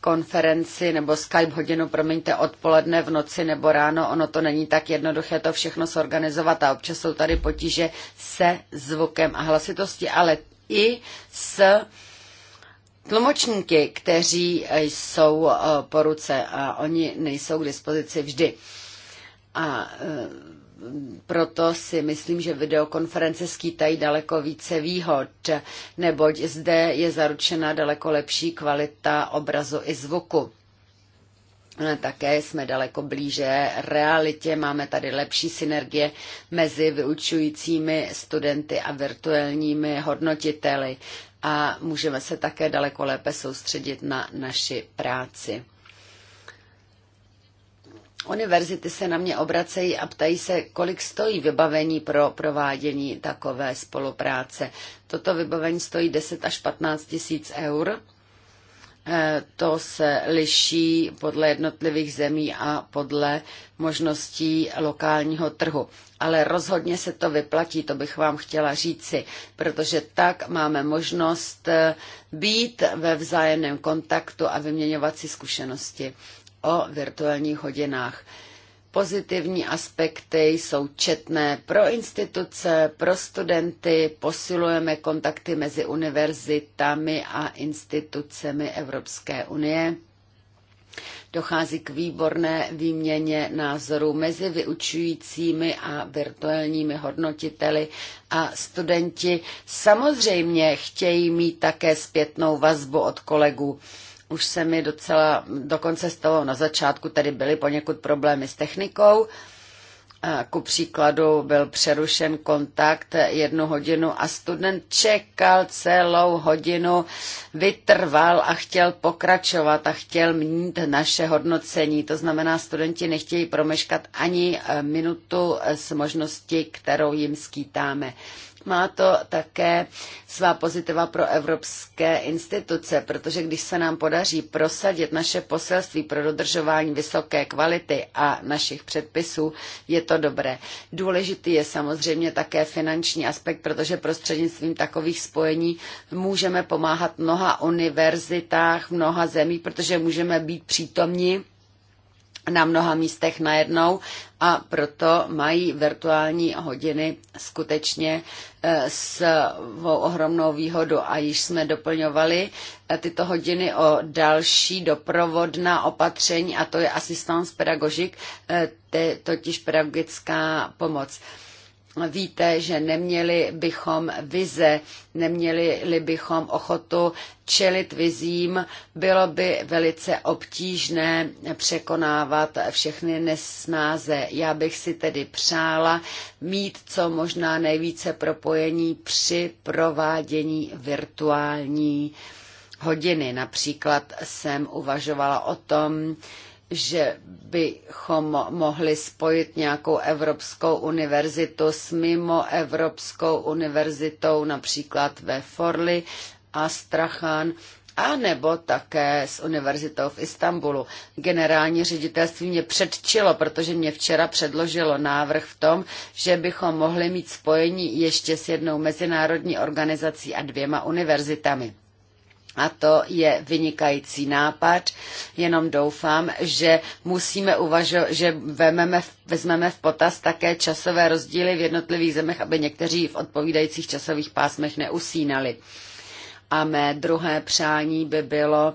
konferenci nebo Skype hodinu, promiňte, odpoledne, v noci nebo ráno. Ono to není tak jednoduché to všechno sorganizovat a občas jsou tady potíže se zvukem a hlasitostí, ale i s tlumočníky, kteří jsou po ruce a oni nejsou k dispozici vždy. A e, proto si myslím, že videokonference skýtají daleko více výhod, neboť zde je zaručena daleko lepší kvalita obrazu i zvuku. E, také jsme daleko blíže realitě, máme tady lepší synergie mezi vyučujícími studenty a virtuálními hodnotiteli a můžeme se také daleko lépe soustředit na naši práci. Univerzity se na mě obracejí a ptají se, kolik stojí vybavení pro provádění takové spolupráce. Toto vybavení stojí 10 až 15 tisíc eur. Eh, to se liší podle jednotlivých zemí a podle možností lokálního trhu. Ale rozhodně se to vyplatí, to bych vám chtěla říci, protože tak máme možnost eh, být ve vzájemném kontaktu a vyměňovat si zkušenosti o virtuálních hodinách. Pozitivní aspekty jsou četné pro instituce, pro studenty, posilujeme kontakty mezi univerzitami a institucemi Evropské unie. Dochází k výborné výměně názorů mezi vyučujícími a virtuálními hodnotiteli a studenti samozřejmě chtějí mít také zpětnou vazbu od kolegů už se mi docela, dokonce z toho na začátku tedy byly poněkud problémy s technikou. Ku příkladu byl přerušen kontakt jednu hodinu a student čekal celou hodinu, vytrval a chtěl pokračovat a chtěl mít naše hodnocení. To znamená, studenti nechtějí promeškat ani eh, minutu eh, s možností, kterou jim skýtáme. Má to také svá pozitiva pro evropské instituce, protože když se nám podaří prosadit naše poselství pro dodržování vysoké kvality a našich předpisů, je to dobré. Důležitý je samozřejmě také finanční aspekt, protože prostřednictvím takových spojení můžeme pomáhat mnoha univerzitách, mnoha zemí, protože můžeme být přítomni na mnoha místech najednou a proto mají virtuální hodiny skutečně e, svou ohromnou výhodu a již jsme doplňovali e, tyto hodiny o další doprovodná opatření a to je asistance pedagogik, e, totiž pedagogická pomoc víte, že neměli bychom vize, neměli bychom ochotu čelit vizím, bylo by velice obtížné překonávat všechny nesnáze. Já bych si tedy přála mít co možná nejvíce propojení při provádění virtuální hodiny. Například jsem uvažovala o tom, že bychom mohli spojit nějakou Evropskou univerzitu s mimo Evropskou univerzitou, například ve Forli a Strachan, a nebo také s univerzitou v Istanbulu. Generální ředitelství mě předčilo, protože mě včera předložilo návrh v tom, že bychom mohli mít spojení ještě s jednou mezinárodní organizací a dvěma univerzitami. A to je vynikající nápad, jenom doufám, že musíme uvažovat, že vememe, vezmeme v potaz také časové rozdíly v jednotlivých zemích, aby někteří v odpovídajících časových pásmech neusínali. A mé druhé přání by bylo,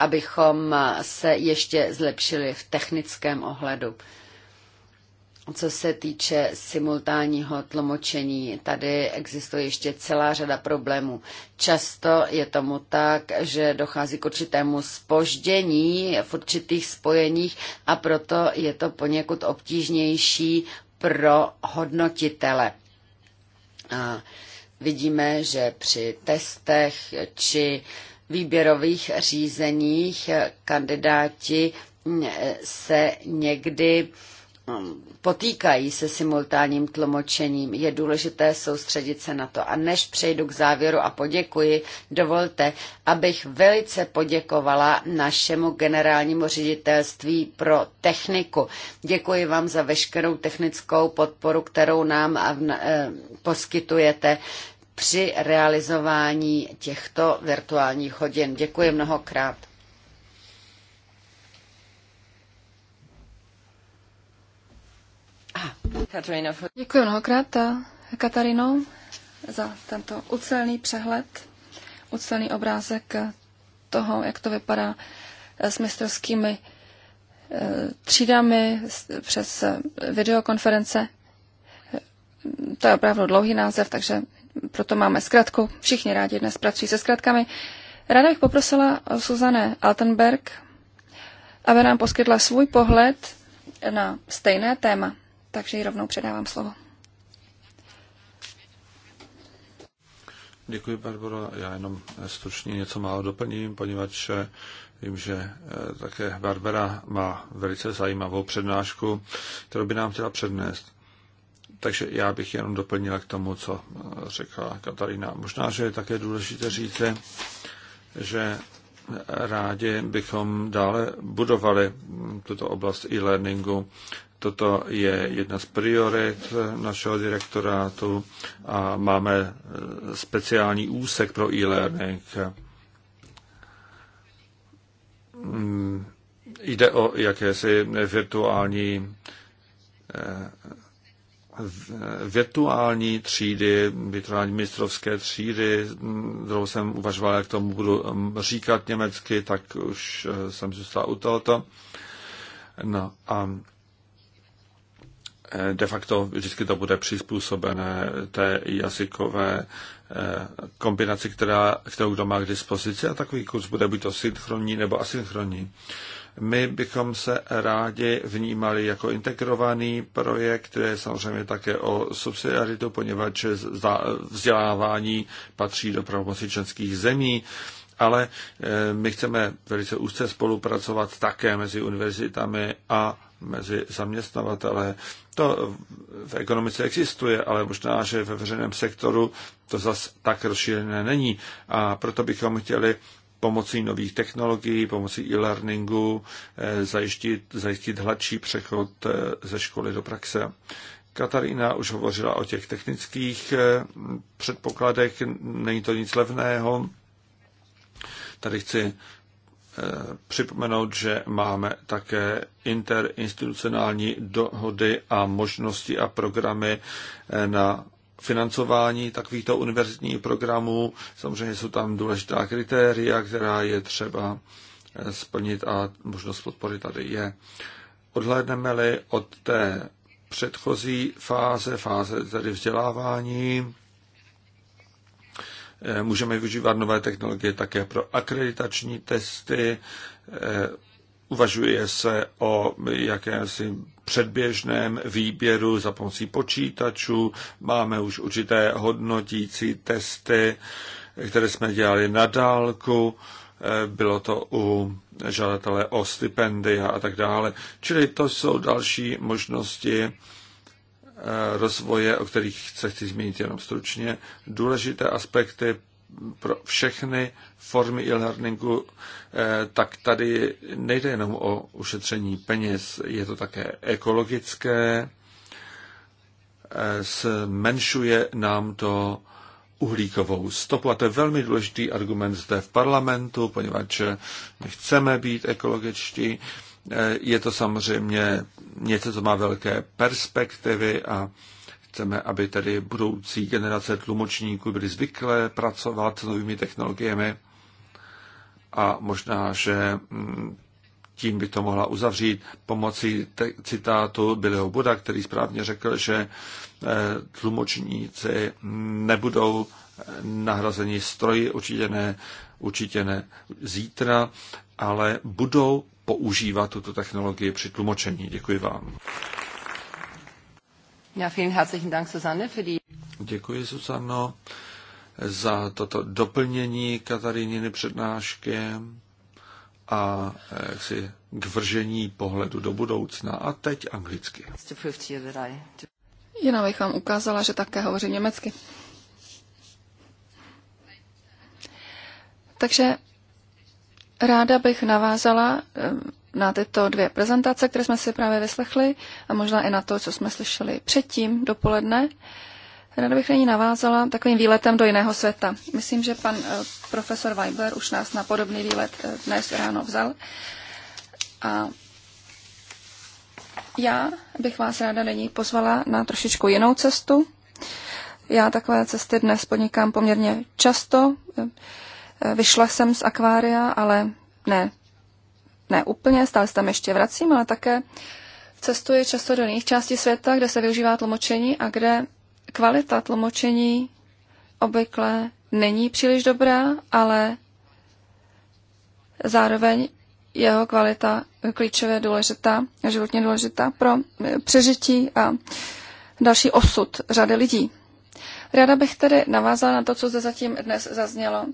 abychom se ještě zlepšili v technickém ohledu co se týče simultánního tlumočení, tady existuje ještě celá řada problémů. Často je tomu tak, že dochází k určitému spoždění v určitých spojeních a proto je to poněkud obtížnější pro hodnotitele. A vidíme, že při testech či výběrových řízeních kandidáti se někdy potýkají se simultánním tlumočením. Je důležité soustředit se na to. A než přejdu k závěru a poděkuji, dovolte, abych velice poděkovala našemu generálnímu ředitelství pro techniku. Děkuji vám za veškerou technickou podporu, kterou nám eh, poskytujete při realizování těchto virtuálních hodin. Děkuji mnohokrát. Děkuji mnohokrát, eh, Katarino, za tento ucelný přehled, ucelný obrázek toho, jak to vypadá eh, s mistrovskými eh, třídami přes videokonference. To je opravdu dlouhý název, takže proto máme zkratku. Všichni rádi dnes pracují se zkratkami. Ráda bych poprosila Suzanne Altenberg, aby nám poskytla svůj pohled na stejné téma takže ji rovnou předávám slovo. Děkuji, Barbara. Já jenom stručně něco málo doplním, poněvadž vím, že eh, také Barbara má velice zajímavou přednášku, kterou by nám chtěla přednést. Takže já bych jenom doplnila k tomu, co eh, řekla Katarína. Možná, že je také důležité říci, že rádi bychom dále budovali tuto oblast e-learningu Toto je jedna z priorit našeho direktorátu a máme e, speciální úsek pro e-learning. Mm, jde o jakési virtuální e, virtuální třídy, virtuální mistrovské třídy, kterou jsem uvažoval, jak tomu budu říkat německy, tak už e, jsem zůstal u tohoto. No a de facto vždycky to bude přizpůsobené té jazykové eh, kombinaci, která, kterou kdo má k dispozici a takový kurz bude buď to synchronní nebo asynchronní. My bychom se rádi vnímali jako integrovaný projekt, který je samozřejmě také o subsidiaritu, poněvadž vzdělávání patří do pravomocí členských zemí, ale eh, my chceme velice úzce spolupracovat také mezi univerzitami a mezi zaměstnavatele. To v ekonomice existuje, ale možná, že ve veřejném sektoru to zas tak rozšířené není. A proto bychom chtěli pomocí nových technologií, pomocí e-learningu eh, zajistit, zajistit hladší přechod eh, ze školy do praxe. Katarína už hovořila o těch technických eh, předpokladech, není to nic levného. Tady chci připomenout, že máme také interinstitucionální dohody a možnosti a programy eh, na financování takovýchto univerzitních programů. Samozřejmě jsou tam důležitá kritéria, která je třeba eh, splnit a možnost podpory tady je. Odhlédneme-li od té předchozí fáze, fáze tedy vzdělávání, Eh, můžeme využívat nové technologie také pro akreditační testy. Eh, uvažuje se o jakémsi předběžném výběru za pomocí počítačů. Máme už určité hodnotící testy, které jsme dělali na dálku. Eh, bylo to u žadatele o stipendia a tak dále. Čili to jsou další možnosti, Eh, rozvoje, o kterých se chci zmínit jenom stručně, důležité aspekty pro všechny formy e-learningu, eh, tak tady nejde jenom o ušetření peněz, je to také ekologické, eh, zmenšuje nám to uhlíkovou stopu. A to je velmi důležitý argument zde v parlamentu, poněvadž my chceme být ekologičtí, Eh, je to samozřejmě něco, co má velké perspektivy a chceme, aby tedy budoucí generace tlumočníků byly zvyklé pracovat s novými technologiemi a možná, že mm, tím by to mohla uzavřít pomocí te- citátu Billyho Buda, který správně řekl, že eh, tlumočníci nebudou eh, nahrazeni stroji, určitě ne, určitě ne zítra, ale budou používat tuto technologii při tlumočení. Děkuji vám. Ja, vielen herzlichen Dank, Susanne, für die... Děkuji, Susano, za toto doplnění Kataríniny přednášky a eh, jaksi k vržení pohledu do budoucna. A teď anglicky. Jenom bych vám ukázala, že také hovořím německy. Takže Ráda bych navázala eh, na tyto dvě prezentace, které jsme si právě vyslechli a možná i na to, co jsme slyšeli předtím dopoledne. Ráda bych na ní navázala takovým výletem do jiného světa. Myslím, že pan eh, profesor Weibler už nás na podobný výlet eh, dnes ráno vzal. A já bych vás ráda nyní pozvala na trošičku jinou cestu. Já takové cesty dnes podnikám poměrně často. Vyšla jsem z akvária, ale ne, ne úplně, stále se tam ještě vracím, ale také cestuji často do jiných částí světa, kde se využívá tlumočení a kde kvalita tlumočení obvykle není příliš dobrá, ale zároveň jeho kvalita klíčově důležitá, životně důležitá pro přežití a další osud řady lidí. Ráda bych tedy navázala na to, co zde zatím dnes zaznělo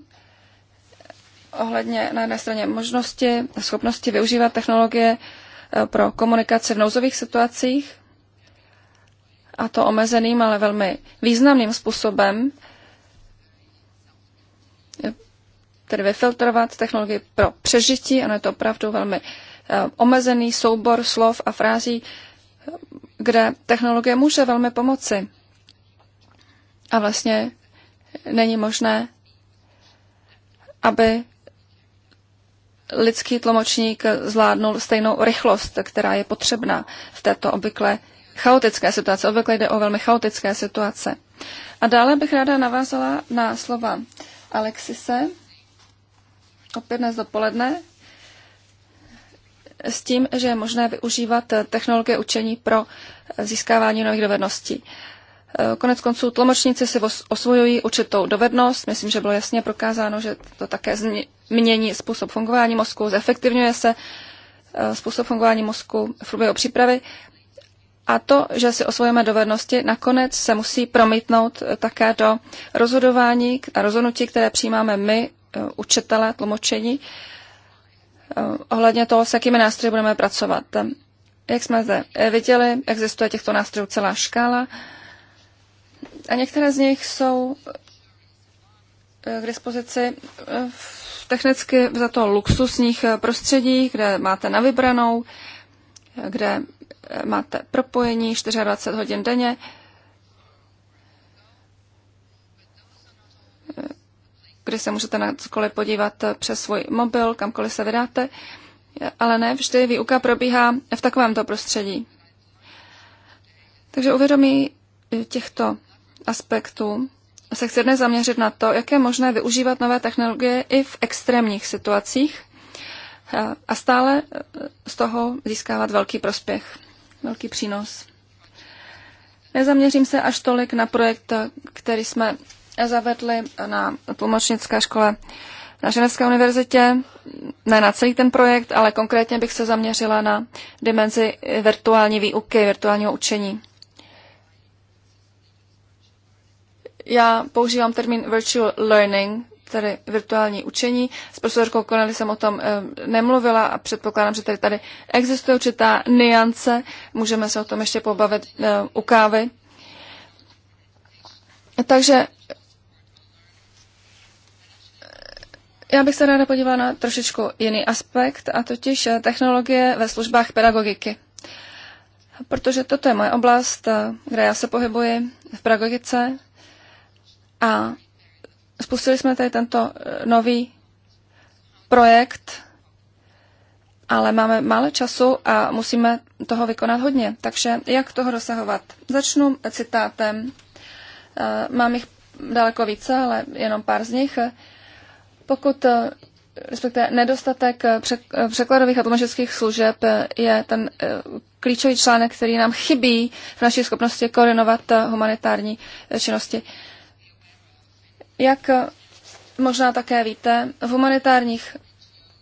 ohledně na jedné straně možnosti, schopnosti využívat technologie eh, pro komunikaci v nouzových situacích, a to omezeným, ale velmi významným způsobem, eh, tedy vyfiltrovat technologii pro přežití, ano je to opravdu velmi eh, omezený soubor slov a frází, kde technologie může velmi pomoci. A vlastně není možné, aby lidský tlumočník zvládnul stejnou rychlost, která je potřebná v této obvykle chaotické situace. Obvykle jde o velmi chaotické situace. A dále bych ráda navázala na slova Alexise, opět dnes dopoledne, s tím, že je možné využívat technologie učení pro získávání nových dovedností. Konec konců tlumočníci si osvojují určitou dovednost. Myslím, že bylo jasně prokázáno, že to také mění způsob fungování mozku, zefektivňuje se eh, způsob fungování mozku v průběhu přípravy. A to, že si osvojíme dovednosti, nakonec se musí promítnout eh, také do rozhodování a rozhodnutí, které přijímáme my, eh, učitele, tlumočení, ohledně toho, s jakými nástroji budeme pracovat. Jak jsme zde viděli, existuje těchto nástrojů celá škála a některé z nich jsou k dispozici v technicky za to luxusních eh, prostředí, kde máte na vybranou, eh, kde eh, máte propojení 24 hodin denně. kdy se můžete na cokoliv podívat přes svůj mobil, kamkoliv se vydáte, ale ne vždy výuka probíhá v takovémto prostředí. Takže uvědomí těchto aspektů se chci dnes zaměřit na to, jak je možné využívat nové technologie i v extrémních situacích eh, a stále eh, z toho získávat velký prospěch, velký přínos. Nezaměřím se až tolik na projekt, který jsme zavedli na tlumočnické škole na Ženevské univerzitě, ne na celý ten projekt, ale konkrétně bych se zaměřila na dimenzi virtuální výuky, virtuálního učení. Já používám termín virtual learning, tedy virtuální učení. S profesorkou Connelly jsem o tom e, nemluvila a předpokládám, že tady, tady existuje určitá niance. Můžeme se o tom ještě pobavit e, u kávy. Takže eh, já bych se ráda podívala na trošičku jiný aspekt, a totiž technologie ve službách pedagogiky. Protože toto je moje oblast, kde já se pohybuji v pedagogice, a spustili jsme tady tento eh, nový projekt, ale máme málo času a musíme toho vykonat hodně. Takže jak toho dosahovat? Začnu citátem. Eh, mám jich daleko více, ale jenom pár z nich. Pokud eh, respektive nedostatek překladových a tlumočeckých služeb je ten klíčový článek, který nám chybí v naší schopnosti koordinovat humanitární činnosti. Jak eh, možná také víte, v humanitárních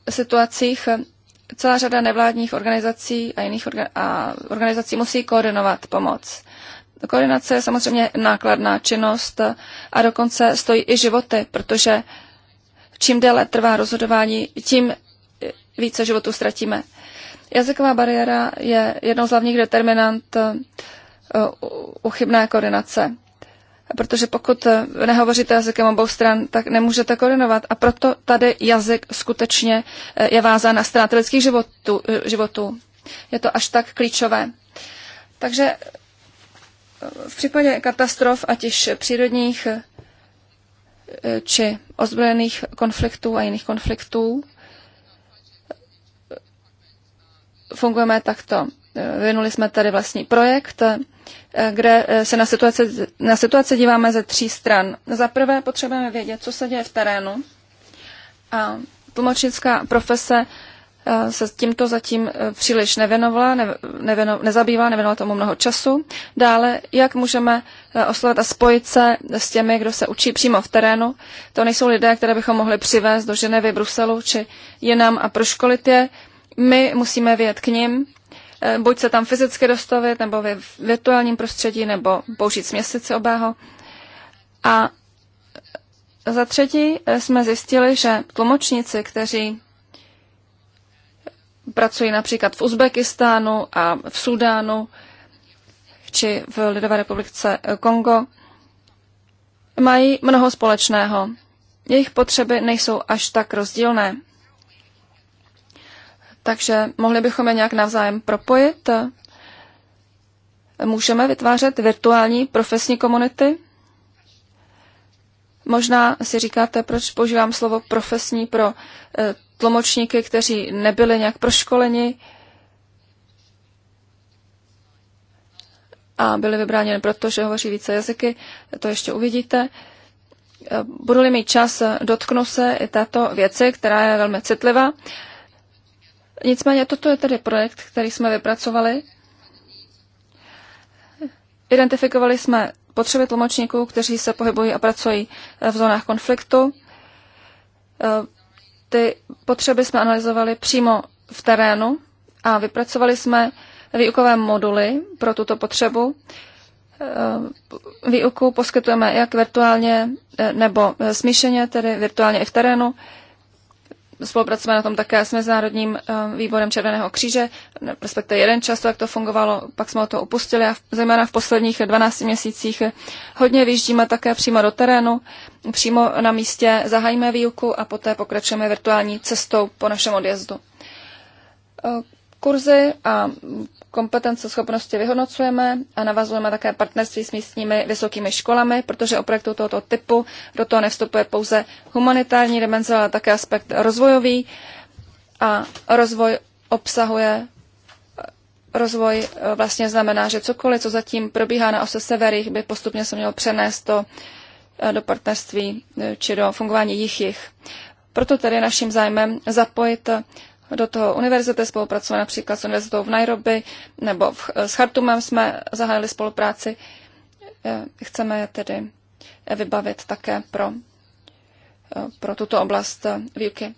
situacích eh, celá řada nevládních organizací a jiných orga- a organizací musí koordinovat pomoc. Koordinace je samozřejmě nákladná činnost eh, a dokonce stojí i životy, protože čím déle trvá rozhodování, tím více životů ztratíme. Jazyková bariéra je jednou z hlavních determinant uchybné koordinace protože pokud eh, nehovoříte jazykem obou stran, tak nemůžete koordinovat. A proto tady jazyk skutečně eh, je vázán na ztráty lidských životů, eh, životů. Je to až tak klíčové. Takže v případě katastrof, ať již přírodních či ozbrojených konfliktů a jiných konfliktů, fungujeme takto. Vynuli jsme tady vlastní projekt, Eh, kde eh, se na situaci, na situaci díváme ze tří stran. Za prvé potřebujeme vědět, co se děje v terénu. A tlumočnická profese eh, se tímto zatím příliš nevěnovala, nevěno, nezabývá, nevěnovala tomu mnoho času. Dále, jak můžeme oslovit a spojit se s těmi, kdo se učí přímo v terénu. To nejsou lidé, které bychom mohli přivést do Ženevy, Bruselu či jinam a proškolit je. My musíme vědět k nim Eh, buď se tam fyzicky dostavit, nebo v virtuálním prostředí, nebo použít směsice obého. A za třetí eh, jsme zjistili, že tlumočníci, kteří pracují například v Uzbekistánu a v Sudánu či v Lidové republice eh, Kongo, mají mnoho společného. Jejich potřeby nejsou až tak rozdílné. Takže mohli bychom je nějak navzájem propojit. Můžeme vytvářet virtuální profesní komunity. Možná si říkáte, proč používám slovo profesní pro eh, tlumočníky, kteří nebyli nějak proškoleni a byli vybráni jen proto, že hovoří více jazyky. To ještě uvidíte. Eh, budu-li mít čas, dotknu se i této věci, která je velmi citlivá. Nicméně toto je tedy projekt, který jsme vypracovali. Identifikovali jsme potřeby tlumočníků, kteří se pohybují a pracují eh, v zónách konfliktu. Eh, ty potřeby jsme analyzovali přímo v terénu a vypracovali jsme výukové moduly pro tuto potřebu. Eh, výuku poskytujeme jak virtuálně nebo smíšeně, tedy virtuálně i v terénu spolupracujeme na tom také s Mezinárodním eh, výborem Červeného kříže, respektive jeden často, jak to fungovalo, pak jsme o to opustili a v, zejména v posledních 12 měsících hodně vyjíždíme také přímo do terénu, přímo na místě zahájíme výuku a poté pokračujeme virtuální cestou po našem odjezdu. Eh, kurzy a kompetence schopnosti vyhodnocujeme a navazujeme také partnerství s místními vysokými školami, protože o projektu tohoto typu do toho nevstupuje pouze humanitární dimenze, ale také aspekt rozvojový a rozvoj obsahuje rozvoj eh, vlastně znamená, že cokoliv, co zatím probíhá na ose severých, by postupně se mělo přenést to eh, do partnerství eh, či do fungování jich jich. Proto tedy naším zájmem zapojit do toho univerzity, spolupracujeme například s univerzitou v Nairobi nebo v, s Chartumem jsme zahájili spolupráci. Eh, chceme je tedy eh, vybavit také pro, eh, pro tuto oblast výuky.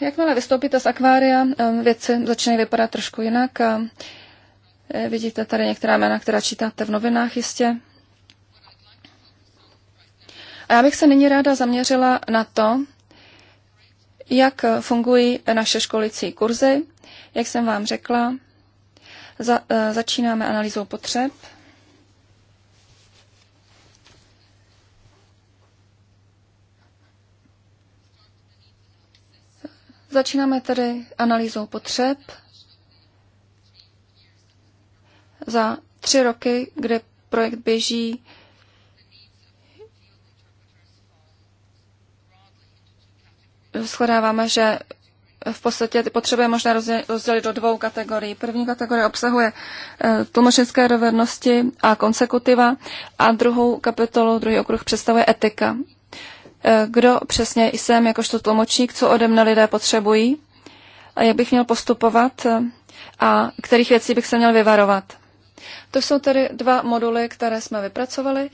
Jakmile vystoupíte z akvária, věci začínají vypadat trošku jinak. Vidíte tady některá jména, která čítáte v novinách jistě. A já bych se nyní ráda zaměřila na to, jak fungují naše školicí kurzy. Jak jsem vám řekla, za, eh, začínáme analýzou potřeb. Začínáme tedy analýzou potřeb za tři roky, kde projekt běží shledáváme, že v podstatě ty potřeby je možné rozdělit do dvou kategorií. První kategorie obsahuje eh, tlumočenské dovednosti a konsekutiva a druhou kapitolu, druhý okruh představuje etika. Eh, kdo přesně jsem jakožto tlumočník, co ode mne lidé potřebují, a jak bych měl postupovat eh, a kterých věcí bych se měl vyvarovat. To jsou tedy dva moduly, které jsme vypracovali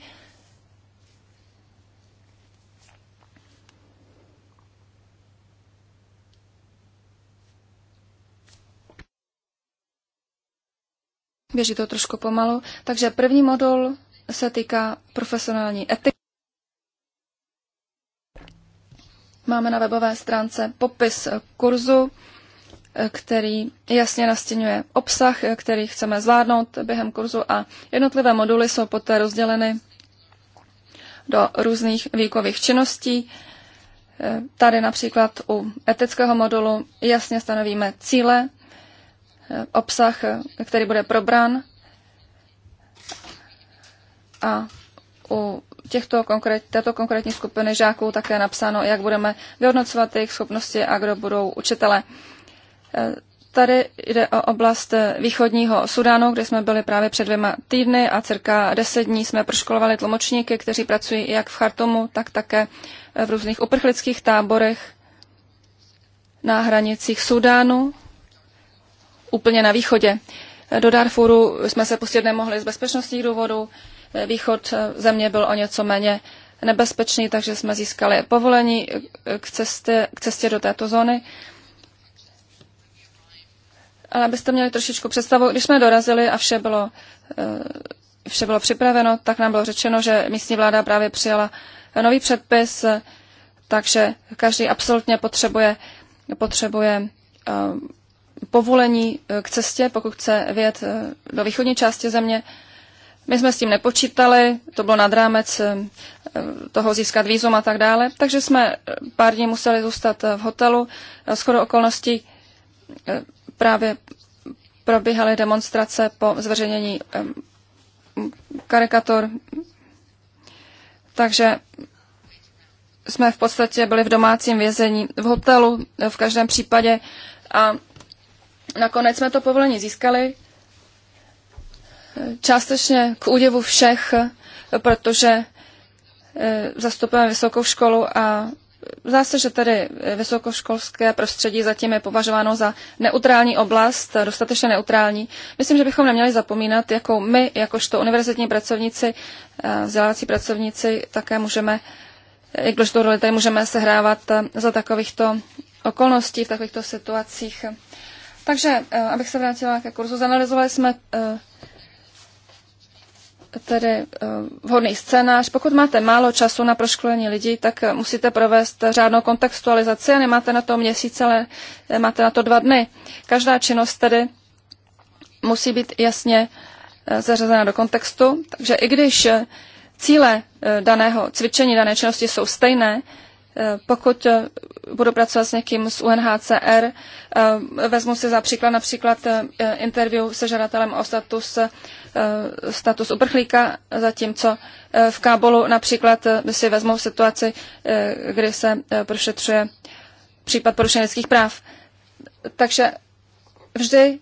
běží to trošku pomalu. Takže první modul se týká profesionální etiky. Máme na webové stránce popis kurzu, který jasně nastěňuje obsah, který chceme zvládnout během kurzu a jednotlivé moduly jsou poté rozděleny do různých výkových činností. Tady například u etického modulu jasně stanovíme cíle obsah, který bude probran. A u těchto konkrét, této konkrétní skupiny žáků také napsáno, jak budeme vyhodnocovat jejich schopnosti a kdo budou učitele. E, tady jde o oblast východního Sudánu, kde jsme byli právě před dvěma týdny a cirka deset dní jsme proškolovali tlumočníky, kteří pracují jak v Chartumu, tak také v různých uprchlických táborech na hranicích Sudánu úplně na východě. Do Darfuru jsme se pustit nemohli z bezpečnostních důvodů. Východ země byl o něco méně nebezpečný, takže jsme získali povolení k cestě, k cestě do této zóny. Ale abyste měli trošičku představu, když jsme dorazili a vše bylo, eh, vše bylo připraveno, tak nám bylo řečeno, že místní vláda právě přijala nový předpis, eh, takže každý absolutně potřebuje, potřebuje eh, povolení eh, k cestě, pokud chce vyjet eh, do východní části země. My jsme s tím nepočítali, to bylo nad rámec eh, toho získat vízum a tak dále, takže jsme pár dní museli zůstat v hotelu. S chodou okolností právě probíhaly demonstrace po zveřejnění karikatur, takže jsme v podstatě byli v domácím vězení, v hotelu v každém případě a Nakonec jsme to povolení získali částečně k údivu všech, protože eh, zastupujeme vysokou školu a zdá se, že tedy vysokoškolské prostředí zatím je považováno za neutrální oblast, dostatečně neutrální. Myslím, že bychom neměli zapomínat, jakou my, jakožto univerzitní pracovníci, eh, vzdělávací pracovníci, také můžeme, jak důležitou roli tady můžeme sehrávat eh, za takovýchto okolností, v takovýchto situacích. Takže, eh, abych se vrátila ke kurzu, zanalizovali jsme eh, tedy eh, vhodný scénář. Pokud máte málo času na proškolení lidí, tak musíte provést řádnou kontextualizaci a nemáte na to měsíc, ale máte na to dva dny. Každá činnost tedy musí být jasně zařazena do kontextu, takže i když cíle daného cvičení, dané činnosti jsou stejné, Eh, pokud eh, budu pracovat s někým z UNHCR, eh, vezmu si za příklad například interview se žadatelem o status, status uprchlíka, zatímco v Kábolu například si vezmou situaci, kdy se prošetřuje případ porušení lidských práv. Takže vždy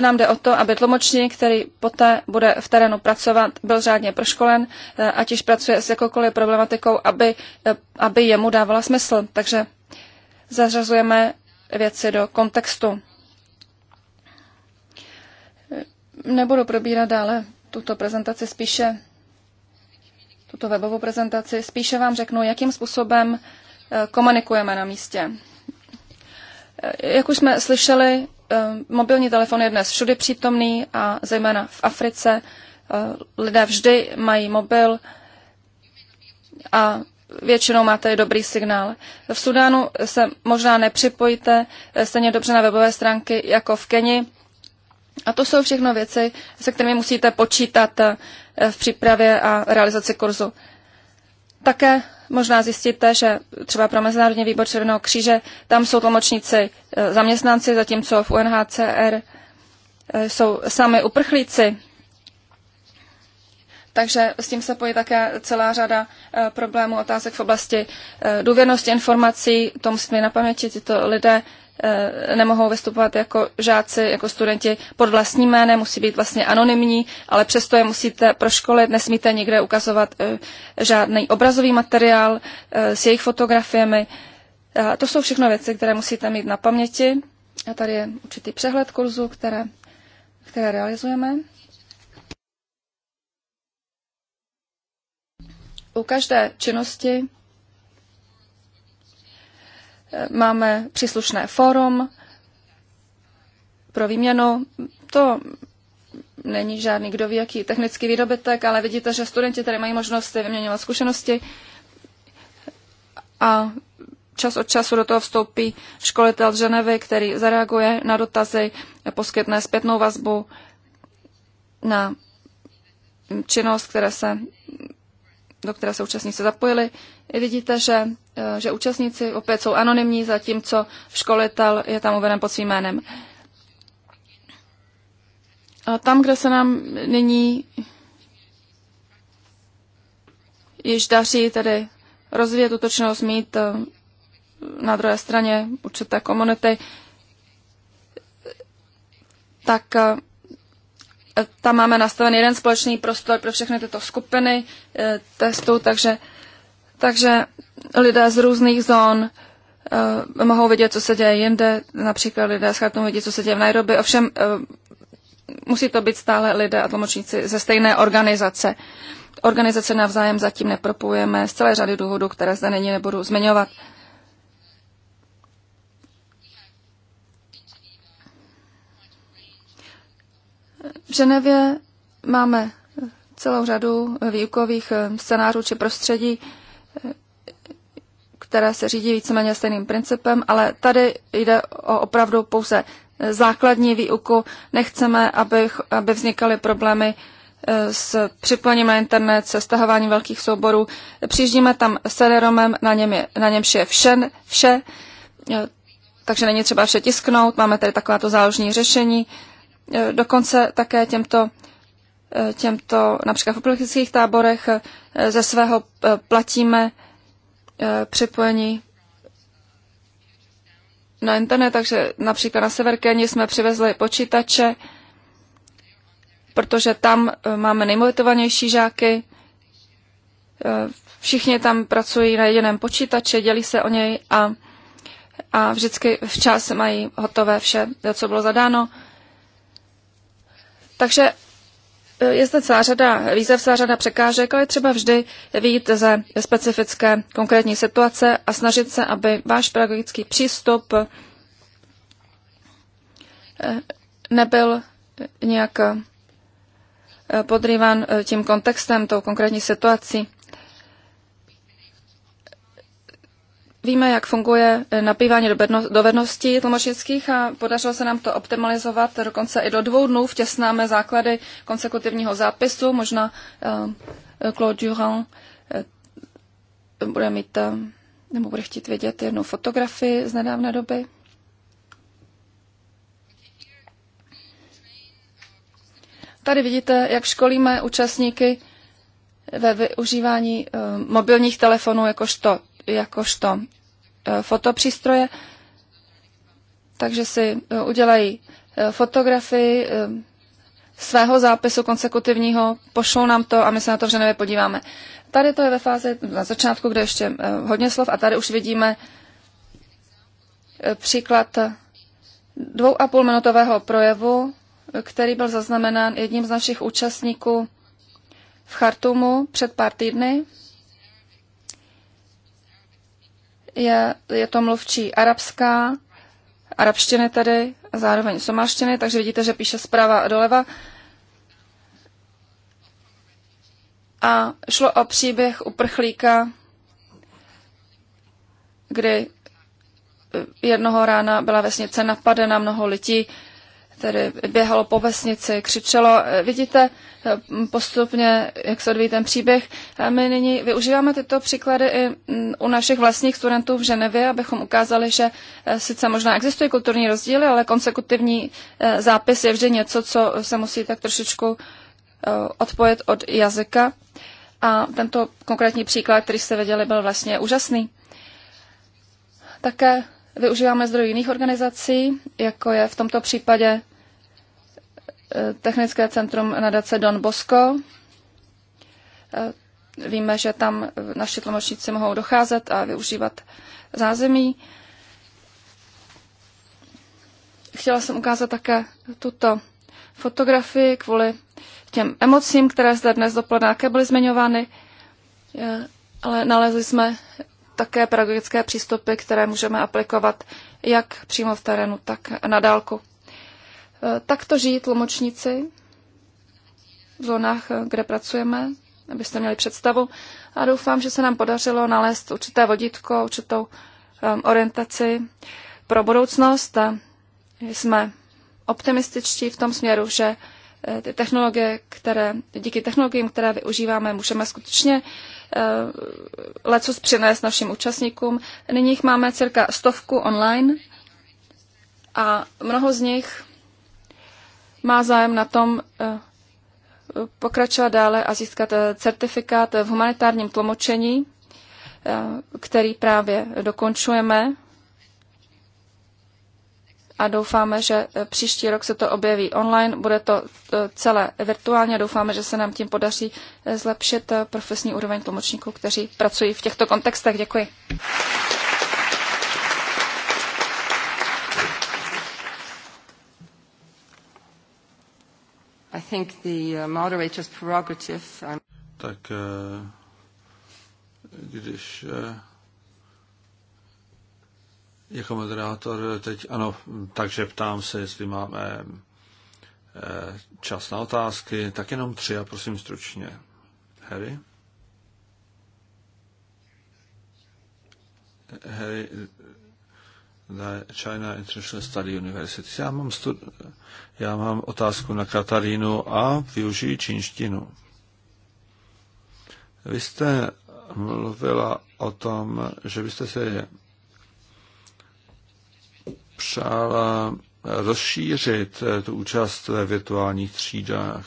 nám jde o to, aby tlumočník, který poté bude v terénu pracovat, byl řádně proškolen, eh, ať již pracuje s jakoukoliv problematikou, aby, eh, aby jemu dávala smysl. Takže zařazujeme věci do kontextu. Nebudu probírat dále tuto prezentaci, spíše tuto webovou prezentaci, spíše vám řeknu, jakým způsobem eh, komunikujeme na místě. Jak už jsme slyšeli, Eh, mobilní telefon je dnes všudy přítomný a zejména v Africe eh, lidé vždy mají mobil a většinou máte i dobrý signál. V Sudánu se možná nepřipojíte eh, stejně dobře na webové stránky jako v Keni. A to jsou všechno věci, se kterými musíte počítat v přípravě a realizaci kurzu. Také možná zjistíte, že třeba pro Mezinárodní výbor Červeného kříže tam jsou tlumočníci e, zaměstnanci, zatímco v UNHCR e, jsou sami uprchlíci. Takže s tím se pojí také celá řada e, problémů, otázek v oblasti důvěrnosti informací. To musíme na paměti, tyto lidé Eh, nemohou vystupovat jako žáci, jako studenti pod vlastním jménem, musí být vlastně anonymní, ale přesto je musíte proškolit, nesmíte nikde ukazovat eh, žádný obrazový materiál eh, s jejich fotografiemi. To jsou všechno věci, které musíte mít na paměti. A tady je určitý přehled kurzu, které, které realizujeme. U každé činnosti Máme příslušné fórum pro výměnu. To není žádný kdo ví, jaký technický výdobytek, ale vidíte, že studenti tady mají možnost vyměňovat zkušenosti a čas od času do toho vstoupí školitel z Ženevy, který zareaguje na dotazy, poskytne zpětnou vazbu na činnost, které se, do které se účastníci zapojili vidíte, že, eh, že účastníci opět jsou anonymní, zatímco školitel je tam uveden pod svým jménem. A tam, kde se nám nyní již daří tedy rozvíjet útočnost, mít eh, na druhé straně určité komunity, tak eh, tam máme nastaven jeden společný prostor pro všechny tyto skupiny testů, takže takže lidé z různých zón uh, mohou vidět, co se děje jinde, například lidé z Chartumu vidí, co se děje v Nairobi, ovšem uh, musí to být stále lidé a tlumočníci ze stejné organizace. Organizace navzájem zatím nepropujeme z celé řady důvodů, které zde není nebudu zmiňovat. V Ženevě máme celou řadu výukových eh, scénářů či prostředí, které se řídí víceméně stejným principem, ale tady jde o opravdu pouze základní výuku. Nechceme, aby, aby vznikaly problémy e, s připojením na internet, se stahováním velkých souborů. Přijíždíme tam seleromem, na něm, je, na němž je vše, vše, e, takže není třeba vše tisknout, máme tady takováto záložní řešení. E, dokonce také těmto Eh, těmto, například v uprchlických táborech, eh, ze svého eh, platíme připojení na internet, takže například na Severkéně jsme přivezli počítače, protože tam máme nejmotivovanější žáky. Všichni tam pracují na jediném počítači, dělí se o něj a, a vždycky včas mají hotové vše, co bylo zadáno. Takže je zde celá řada výzev, celá řada překážek, ale je třeba vždy vyjít ze specifické konkrétní situace a snažit se, aby váš pedagogický přístup eh, nebyl nějak eh, podrýván eh, tím kontextem, tou konkrétní situací. Víme, jak funguje eh, nabývání dovedností tlumočnických a podařilo se nám to optimalizovat dokonce i do dvou dnů. Vtěsnáme základy konsekutivního zápisu. Možná uh, Claude Durand uh, bude mít uh, nebo bude chtít vědět jednu fotografii z nedávné doby. Tady vidíte, jak školíme účastníky ve využívání mobilních telefonů jakožto jakožto e, fotopřístroje, takže si e, udělají e, fotografii svého zápisu konsekutivního, pošlou nám to a my se na to v Ženevě podíváme. Tady to je ve fázi na začátku, kde ještě hodně slov a tady už vidíme příklad dvou a půl minutového projevu, který byl zaznamenán jedním z našich účastníků v Chartumu před pár týdny. je, je to mluvčí arabská, arabštiny tedy, a zároveň somáštiny, takže vidíte, že píše zprava a doleva. A šlo o příběh uprchlíka, kdy eh, jednoho rána byla vesnice napadena mnoho lidí, tedy běhalo po vesnici, křičelo. Eh, vidíte eh, postupně, jak se odvíjí ten příběh. A my nyní využíváme tyto příklady i mm, u našich vlastních studentů v Ženevě, abychom ukázali, že eh, sice možná existují kulturní rozdíly, ale konsekutivní zápis je vždy něco, co se musí tak trošičku odpojit od jazyka. A tento konkrétní příklad, který jste viděli, byl vlastně úžasný. Také využíváme zdrojů jiných organizací, jako je v tomto případě Eh, technické centrum nadace Don Bosco. Eh, víme, že tam naši tlumočníci mohou docházet a využívat zázemí. Chtěla jsem ukázat také tuto fotografii kvůli těm emocím, které zde dnes dopoledne byly zmiňovány, eh, ale nalezli jsme také pedagogické přístupy, které můžeme aplikovat jak přímo v terénu, tak na dálku. Eh, takto žijí tlumočníci v zónách, eh, kde pracujeme, abyste měli představu. A doufám, že se nám podařilo nalézt určité vodítko, určitou ehm, orientaci pro budoucnost. A jsme optimističtí v tom směru, že eh, ty technologie, které, díky technologiím, které využíváme, můžeme skutečně lecos přinést našim účastníkům. Nyní jich máme cirka stovku online a mnoho z nich má zájem na tom eh, pokračovat dále a získat eh, certifikát v humanitárním tlumočení, eh, který právě dokončujeme a doufáme, že příští rok se to objeví online. Bude to celé virtuálně. Doufáme, že se nám tím podaří zlepšit profesní úroveň tlumočníků, kteří pracují v těchto kontextech. Děkuji. think the uh, moderator's prerogative. I'm... Um, tak eh, když eh, jako moderátor teď, ano, takže ptám se, jestli máme eh, čas na otázky, tak jenom tři a prosím stručně. Harry? Harry, na China International Study University. Já mám, stud... Já mám otázku na Katarínu a využiji čínštinu. Vy jste mluvila o tom, že byste se přála rozšířit tu účast ve virtuálních třídách.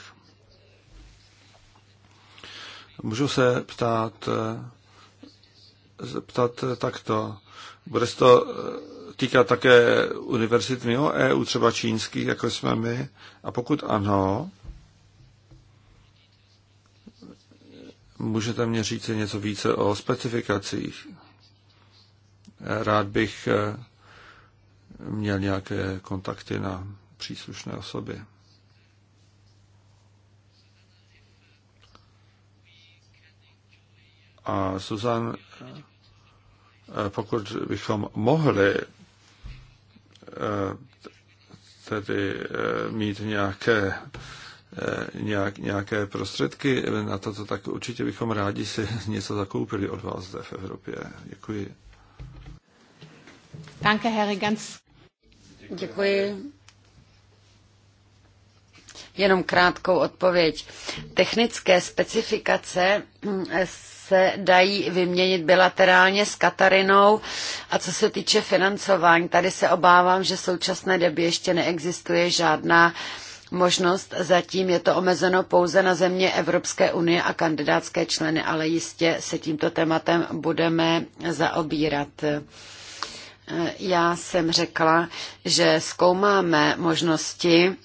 Můžu se ptát, ptát takto. Bude to týká také univerzit mimo EU, třeba čínských, jako jsme my? A pokud ano, můžete mě říct něco více o specifikacích? Rád bych eh, měl nějaké kontakty na příslušné osoby. A Susan, eh, pokud bychom mohli Eh, tedy eh, mít nějaké, eh, nějak, nějaké prostředky na toto, tak určitě bychom rádi si něco zakoupili od vás zde v Evropě. Děkuji. Danke, Herr Ganz. Děkuji. Jenom krátkou odpověď. Technické specifikace se dají vyměnit bilaterálně s Katarinou. A co se týče financování, tady se obávám, že v současné době ještě neexistuje žádná možnost. Zatím je to omezeno pouze na země Evropské unie a kandidátské členy, ale jistě se tímto tématem budeme zaobírat. Já jsem řekla, že zkoumáme možnosti,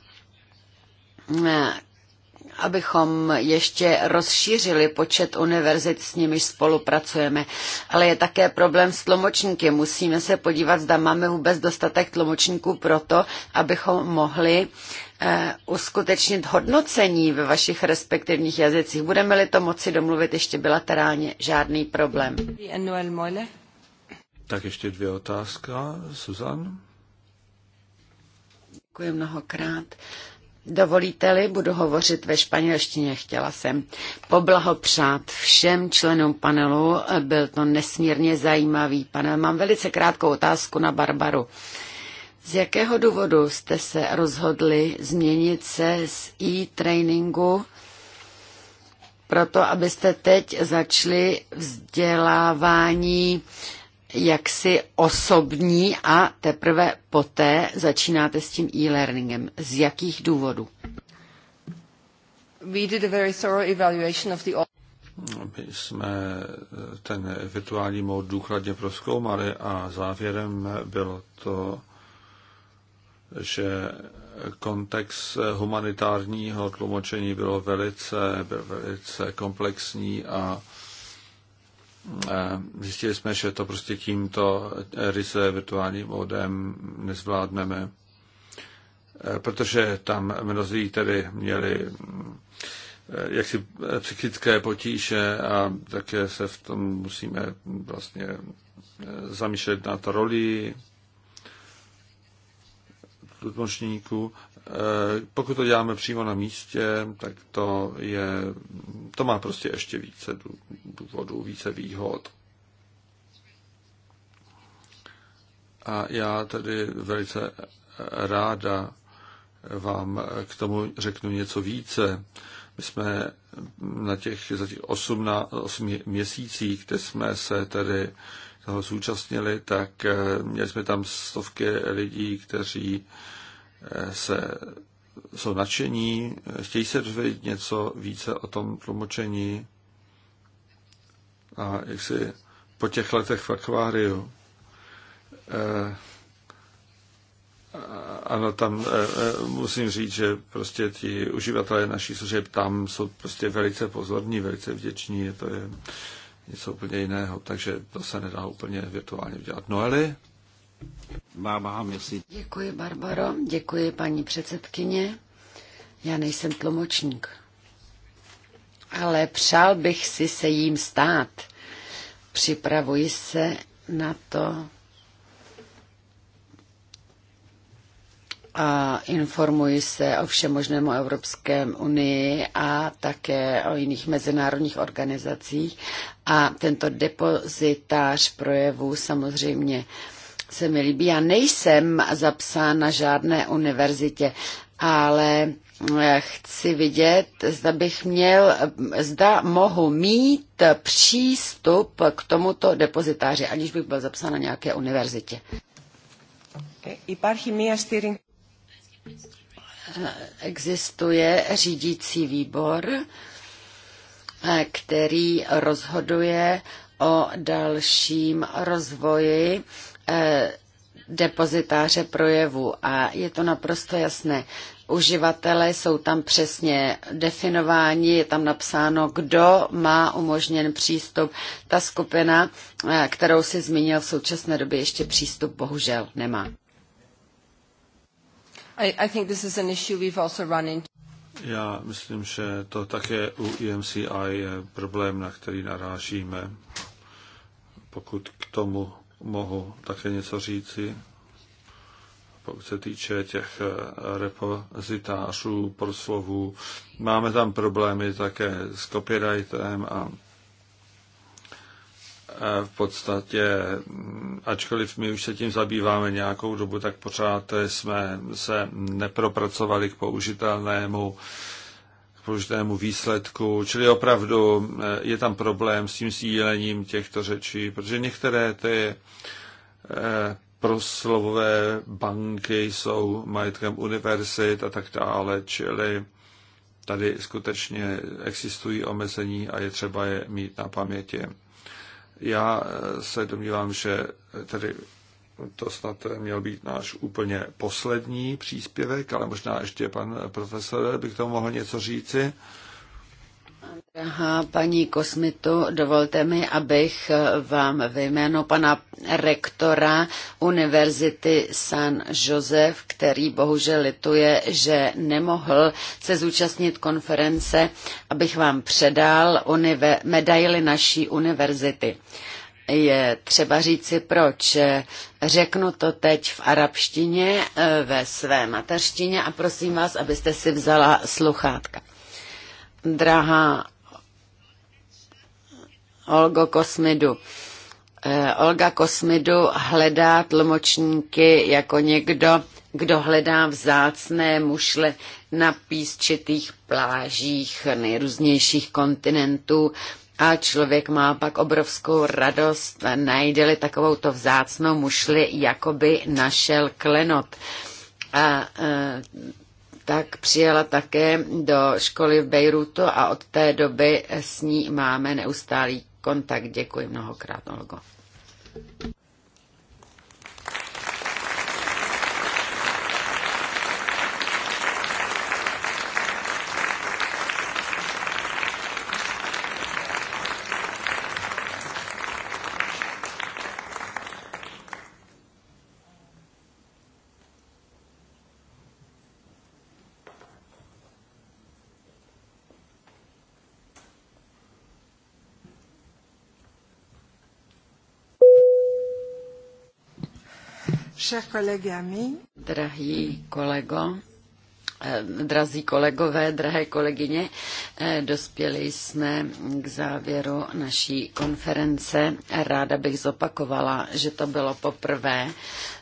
abychom ještě rozšířili počet univerzit, s nimiž spolupracujeme. Ale je také problém s tlumočníky. Musíme se podívat, zda máme vůbec dostatek tlumočníků pro to, abychom mohli eh, uskutečnit hodnocení ve vašich respektivních jazycích. Budeme-li to moci domluvit ještě bilaterálně, žádný problém. Tak ještě dvě otázka. Suzan? Děkuji mnohokrát. Dovolíte-li, budu hovořit ve španělštině. Chtěla jsem poblahopřát všem členům panelu. Byl to nesmírně zajímavý panel. Mám velice krátkou otázku na Barbaru. Z jakého důvodu jste se rozhodli změnit se z e-trainingu proto, abyste teď začali vzdělávání jaksi osobní a teprve poté začínáte s tím e-learningem. Z jakých důvodů? We did a very thorough evaluation of the... My jsme eh, ten virtuální mód důkladně proskoumali a závěrem bylo to, že kontext humanitárního tlumočení byl velice, byl velice komplexní a Zjistili jsme, že to prostě tímto ryze virtuálním modem nezvládneme, e, protože tam mnozí tedy měli e, jaksi e, psychické potíže a také se v tom musíme vlastně zamýšlet to roli tlumočníků Eh, pokud to děláme přímo na místě, tak to, je, to má prostě ještě více důvodů, více výhod. A já tedy velice ráda vám k tomu řeknu něco více. My jsme na těch, za těch 8, na, 8 měsících, kde jsme se tedy toho zúčastnili, tak eh, měli jsme tam stovky lidí, kteří se, jsou nadšení, chtějí se dozvědět něco více o tom tlumočení a jak si po těch letech v akváriu. E, ano, tam e, musím říct, že prostě ti uživatelé naší služeb tam jsou prostě velice pozorní, velice vděční, je to je něco úplně jiného, takže to se nedá úplně virtuálně dělat. No, ale Děkuji, Barbaro. Děkuji, paní předsedkyně. Já nejsem tlumočník, ale přál bych si se jím stát. Připravuji se na to a informuji se o všem možném o Evropském unii a také o jiných mezinárodních organizacích. A tento depozitář projevů samozřejmě se mi líbí. Já nejsem zapsán na žádné univerzitě, ale eh, chci vidět, zda bych měl, zda mohu mít přístup k tomuto depozitáři, aniž bych byl zapsán na nějaké univerzitě. Eh, eh, existuje řídící výbor, který rozhoduje o dalším rozvoji Eh, depozitáře projevu a je to naprosto jasné. Uživatelé jsou tam přesně definováni, je tam napsáno, kdo má umožněn přístup. Ta skupina, eh, kterou si zmínil v současné době, ještě přístup bohužel nemá. I, I think this is an issue we've also run into. Já myslím, že to také u EMCI je problém, na který narážíme. Pokud k tomu mohu také něco říci, pokud se týče těch eh, repozitářů, proslovů. Máme tam problémy také s copyrightem a eh, v podstatě, mm, ačkoliv my už se tím zabýváme nějakou dobu, tak pořád eh, jsme se nepropracovali k použitelnému kůžnému výsledku, čili opravdu eh, je tam problém s tím sdílením těchto řečí, protože některé ty eh, proslovové banky jsou majetkem univerzit a tak dále, čili tady skutečně existují omezení a je třeba je mít na paměti. Já eh, se domnívám, že tady to snad měl být náš úplně poslední příspěvek, ale možná ještě pan profesor by k tomu mohl něco říci. Aha, paní Kosmitu, dovolte mi, abych vám ve jméno pana rektora Univerzity San Josef, který bohužel lituje, že nemohl se zúčastnit konference, abych vám předal unive- naší univerzity je třeba říci proč. Řeknu to teď v arabštině eh, ve své mateřštině a prosím vás, abyste si vzala sluchátka. Drahá Olgo Kosmidu, eh, Olga Kosmidu hledá tlmočníky jako někdo, kdo hledá vzácné mušle na písčitých plážích nejrůznějších kontinentů, a člověk má pak obrovskou radost, najde-li takovouto vzácnou mušli, jako by našel klenot. A e, tak přijela také do školy v Bejrutu a od té doby s ní máme neustálý kontakt. Děkuji mnohokrát, Olgo. Drahý kolego, eh, drazí kolegové, drahé kolegyně, eh, dospěli jsme k závěru naší konference. Ráda bych zopakovala, že to bylo poprvé,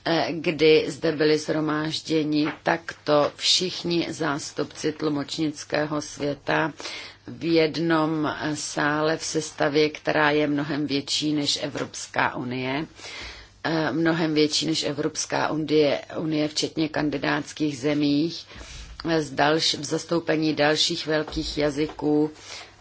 eh, kdy zde byli zhromážděni takto všichni zástupci tlumočnického světa v jednom sále v sestavě, která je mnohem větší než Evropská unie. E, mnohem větší než Evropská unie, unie včetně kandidátských zemích, s e, dalš, v zastoupení dalších velkých jazyků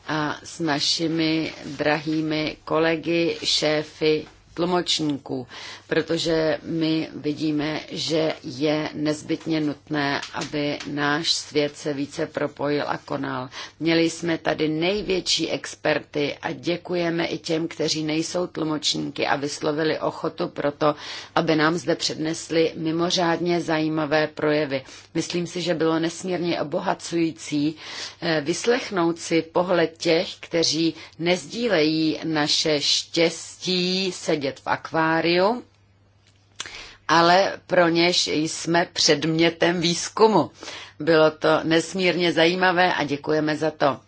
a s našimi drahými kolegy, šéfy tlumočníků, protože my vidíme, že je nezbytně nutné, aby náš svět se více propojil a konal. Měli jsme tady největší experty a děkujeme i těm, kteří nejsou tlumočníky a vyslovili ochotu pro to, aby nám zde přednesli mimořádně zajímavé projevy. Myslím si, že bylo nesmírně obohacující eh, vyslechnout si pohled těch, kteří nezdílejí naše štěstí se sedět v akváriu, ale pro něž jsme předmětem výzkumu. Bylo to nesmírně zajímavé a děkujeme za to.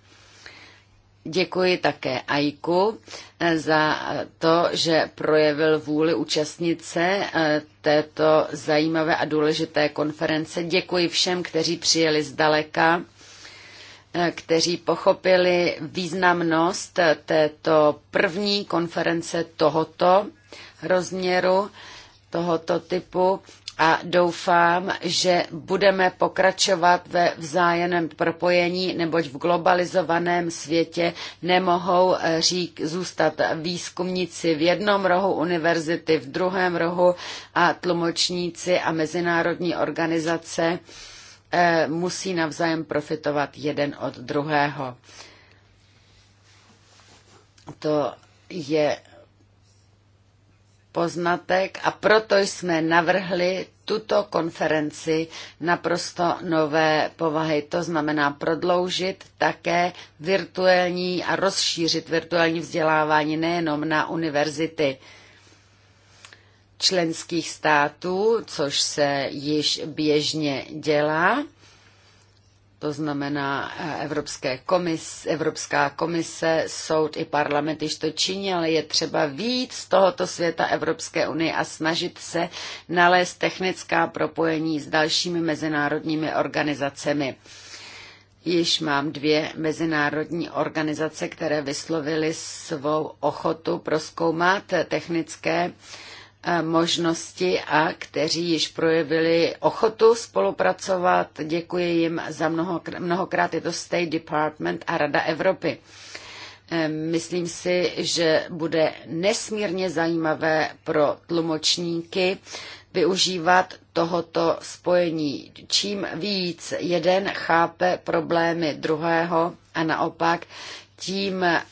Děkuji také Aiku eh, za to, že projevil vůli účastnice eh, této zajímavé a důležité konference. Děkuji všem, kteří přijeli zdaleka kteří pochopili významnost této první konference tohoto rozměru, tohoto typu a doufám, že budeme pokračovat ve vzájemném propojení, neboť v globalizovaném světě nemohou eh, řík zůstat výzkumníci v jednom rohu univerzity, v druhém rohu a tlumočníci a mezinárodní organizace E, musí navzájem profitovat jeden od druhého. To je poznatek a proto jsme navrhli tuto konferenci naprosto nové povahy. To znamená prodloužit také virtuální a rozšířit virtuální vzdělávání nejenom na univerzity, členských států, což se již běžně dělá. To znamená eh, Evropské komis, Evropská komise, soud i parlament již to činí, ale je třeba víc z tohoto světa Evropské unie a snažit se nalézt technická propojení s dalšími mezinárodními organizacemi. Již mám dvě mezinárodní organizace, které vyslovily svou ochotu proskoumat technické uh, Eh, možnosti a kteří již projevili ochotu spolupracovat. Děkuji jim za mnohokrát mnohokrát. Je to State Department a Rada Evropy. Eh, myslím si, že bude nesmírně zajímavé pro tlumočníky využívat tohoto spojení. Čím víc jeden chápe problémy druhého a naopak, tím eh,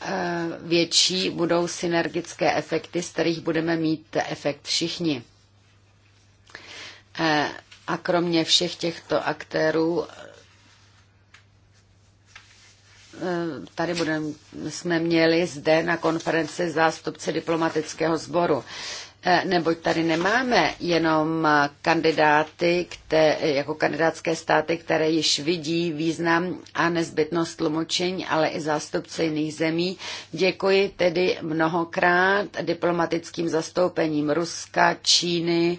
větší budou synergické efekty, z kterých budeme mít efekt všichni. Eh, a kromě všech těchto aktérů eh, tady budeme jsme měli zde na konferenci zástupce diplomatického sboru. Eh, neboť tady nemáme jenom eh, kandidáty, které, jako kandidátské státy, které již vidí význam a nezbytnost tlumočení, ale i zástupce jiných zemí. Děkuji tedy mnohokrát diplomatickým zastoupením Ruska, Číny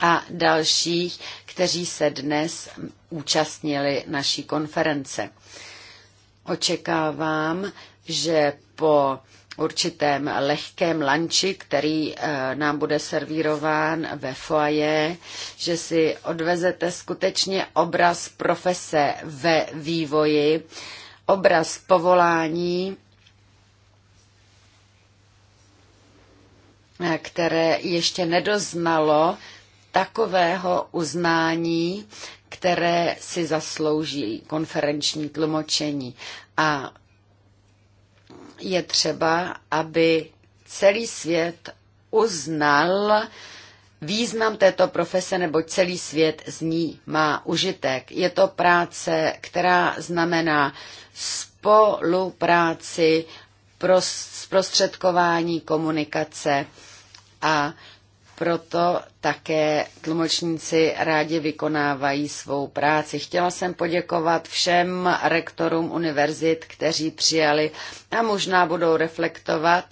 a dalších, kteří se dnes účastnili naší konference. Očekávám, že po určitém lehkém lanči, který eh, nám bude servírován ve foaje, že si odvezete skutečně obraz profese ve vývoji, obraz povolání, eh, které ještě nedoznalo takového uznání, které si zaslouží konferenční tlumočení. A je třeba, aby celý svět uznal význam této profese, nebo celý svět z ní má užitek. Je to práce, která znamená spolupráci, zprostředkování komunikace a proto také tlumočníci rádi vykonávají svou práci. Chtěla jsem poděkovat všem rektorům univerzit, kteří přijali a možná budou reflektovat.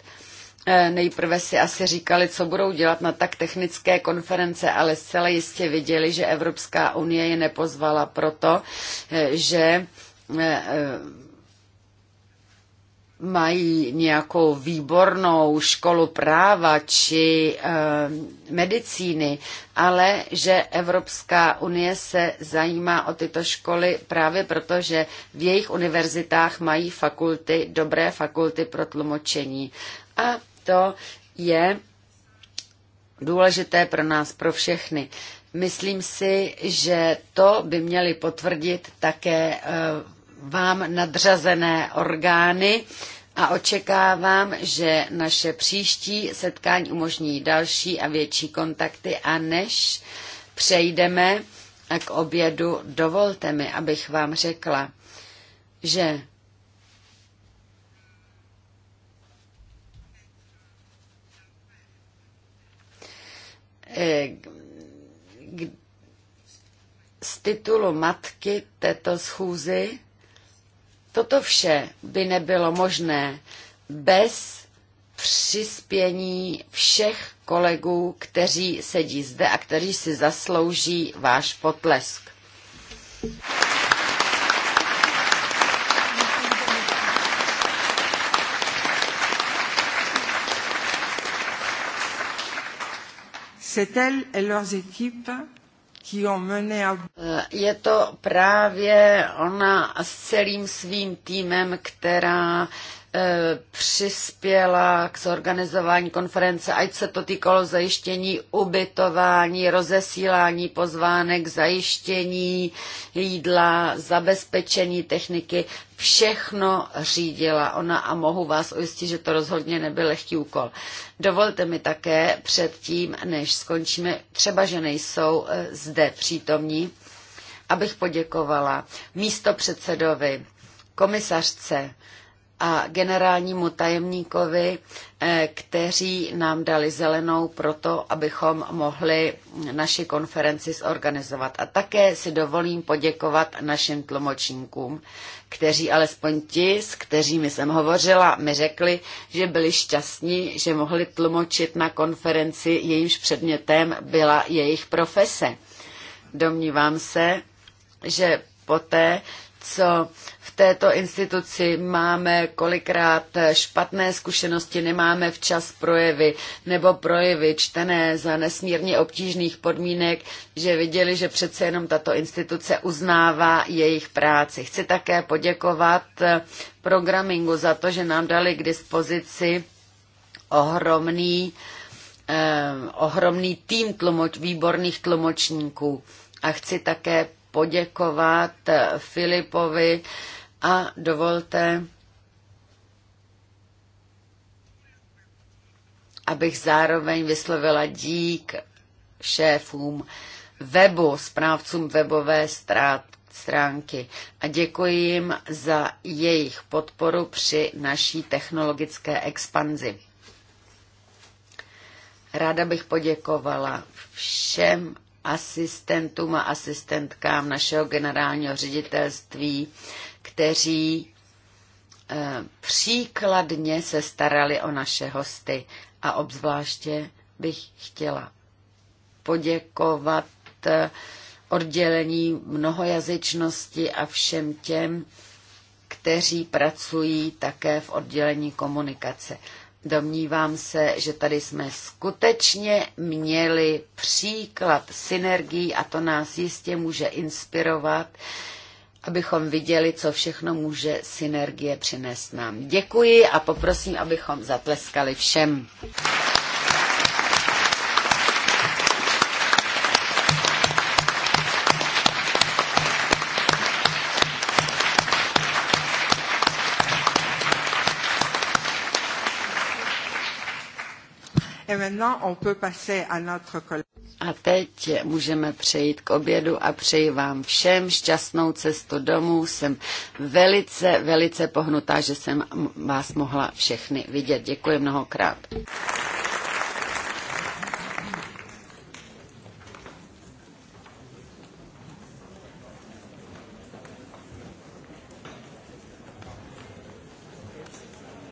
Eh, nejprve si asi říkali, co budou dělat na tak technické konference, ale zcela jistě viděli, že Evropská unie je nepozvala proto, eh, že eh, mají nějakou výbornou školu práva či e, medicíny, ale že Evropská unie se zajímá o tyto školy právě proto, že v jejich univerzitách mají fakulty, dobré fakulty pro tlumočení. A to je důležité pro nás, pro všechny. Myslím si, že to by měly potvrdit také eh, vám nadřazené orgány, a očekávám, že naše příští setkání umožní další a větší kontakty a než přejdeme k obědu, dovolte mi, abych vám řekla, že eh, z titulu matky této schůzy Toto vše by nebylo možné bez přispění všech kolegů, kteří sedí zde a kteří si zaslouží váš potlesk. C'est elle et leurs équipes Eh, je to právě ona s celým svým týmem, která Eh, přispěla k zorganizování konference, ať se to týkalo zajištění ubytování, rozesílání pozvánek, zajištění jídla, zabezpečení techniky. Všechno řídila ona a mohu vás ujistit, že to rozhodně nebyl lehký úkol. Dovolte mi také předtím, než skončíme, třeba, že nejsou eh, zde přítomní, abych poděkovala místo předsedovi, komisařce, a generálnímu tajemníkovi, eh, kteří nám dali zelenou pro to, abychom mohli naši konferenci zorganizovat. A také si dovolím poděkovat našim tlumočníkům, kteří alespoň ti, s kteřími jsem hovořila, mi řekli, že byli šťastní, že mohli tlumočit na konferenci, jejímž předmětem byla jejich profese. Domnívám se, že poté, co v této instituci máme kolikrát špatné zkušenosti, nemáme včas projevy nebo projevy čtené za nesmírně obtížných podmínek, že viděli, že přece jenom tato instituce uznává jejich práci. Chci také poděkovat programingu za to, že nám dali k dispozici ohromný, eh, ohromný tým tlumoč, výborných tlumočníků. A chci také poděkovat eh, Filipovi a dovolte, abych zároveň vyslovila dík šéfům webu, správcům webové strát, stránky a děkuji jim za jejich podporu při naší technologické expanzi. Ráda bych poděkovala všem asistentům a asistentkám našeho generálního ředitelství, kteří eh, příkladně se starali o naše hosty. A obzvláště bych chtěla poděkovat eh, oddělení mnohojazyčnosti a všem těm, kteří pracují také v oddělení komunikace. Domnívám se, že tady jsme skutečně měli příklad synergií a to nás jistě může inspirovat, abychom viděli, co všechno může synergie přinést nám. Děkuji a poprosím, abychom zatleskali všem. A teď můžeme přejít k obědu a přeji vám všem šťastnou cestu domů. Jsem velice, velice pohnutá, že jsem vás mohla všechny vidět. Děkuji mnohokrát.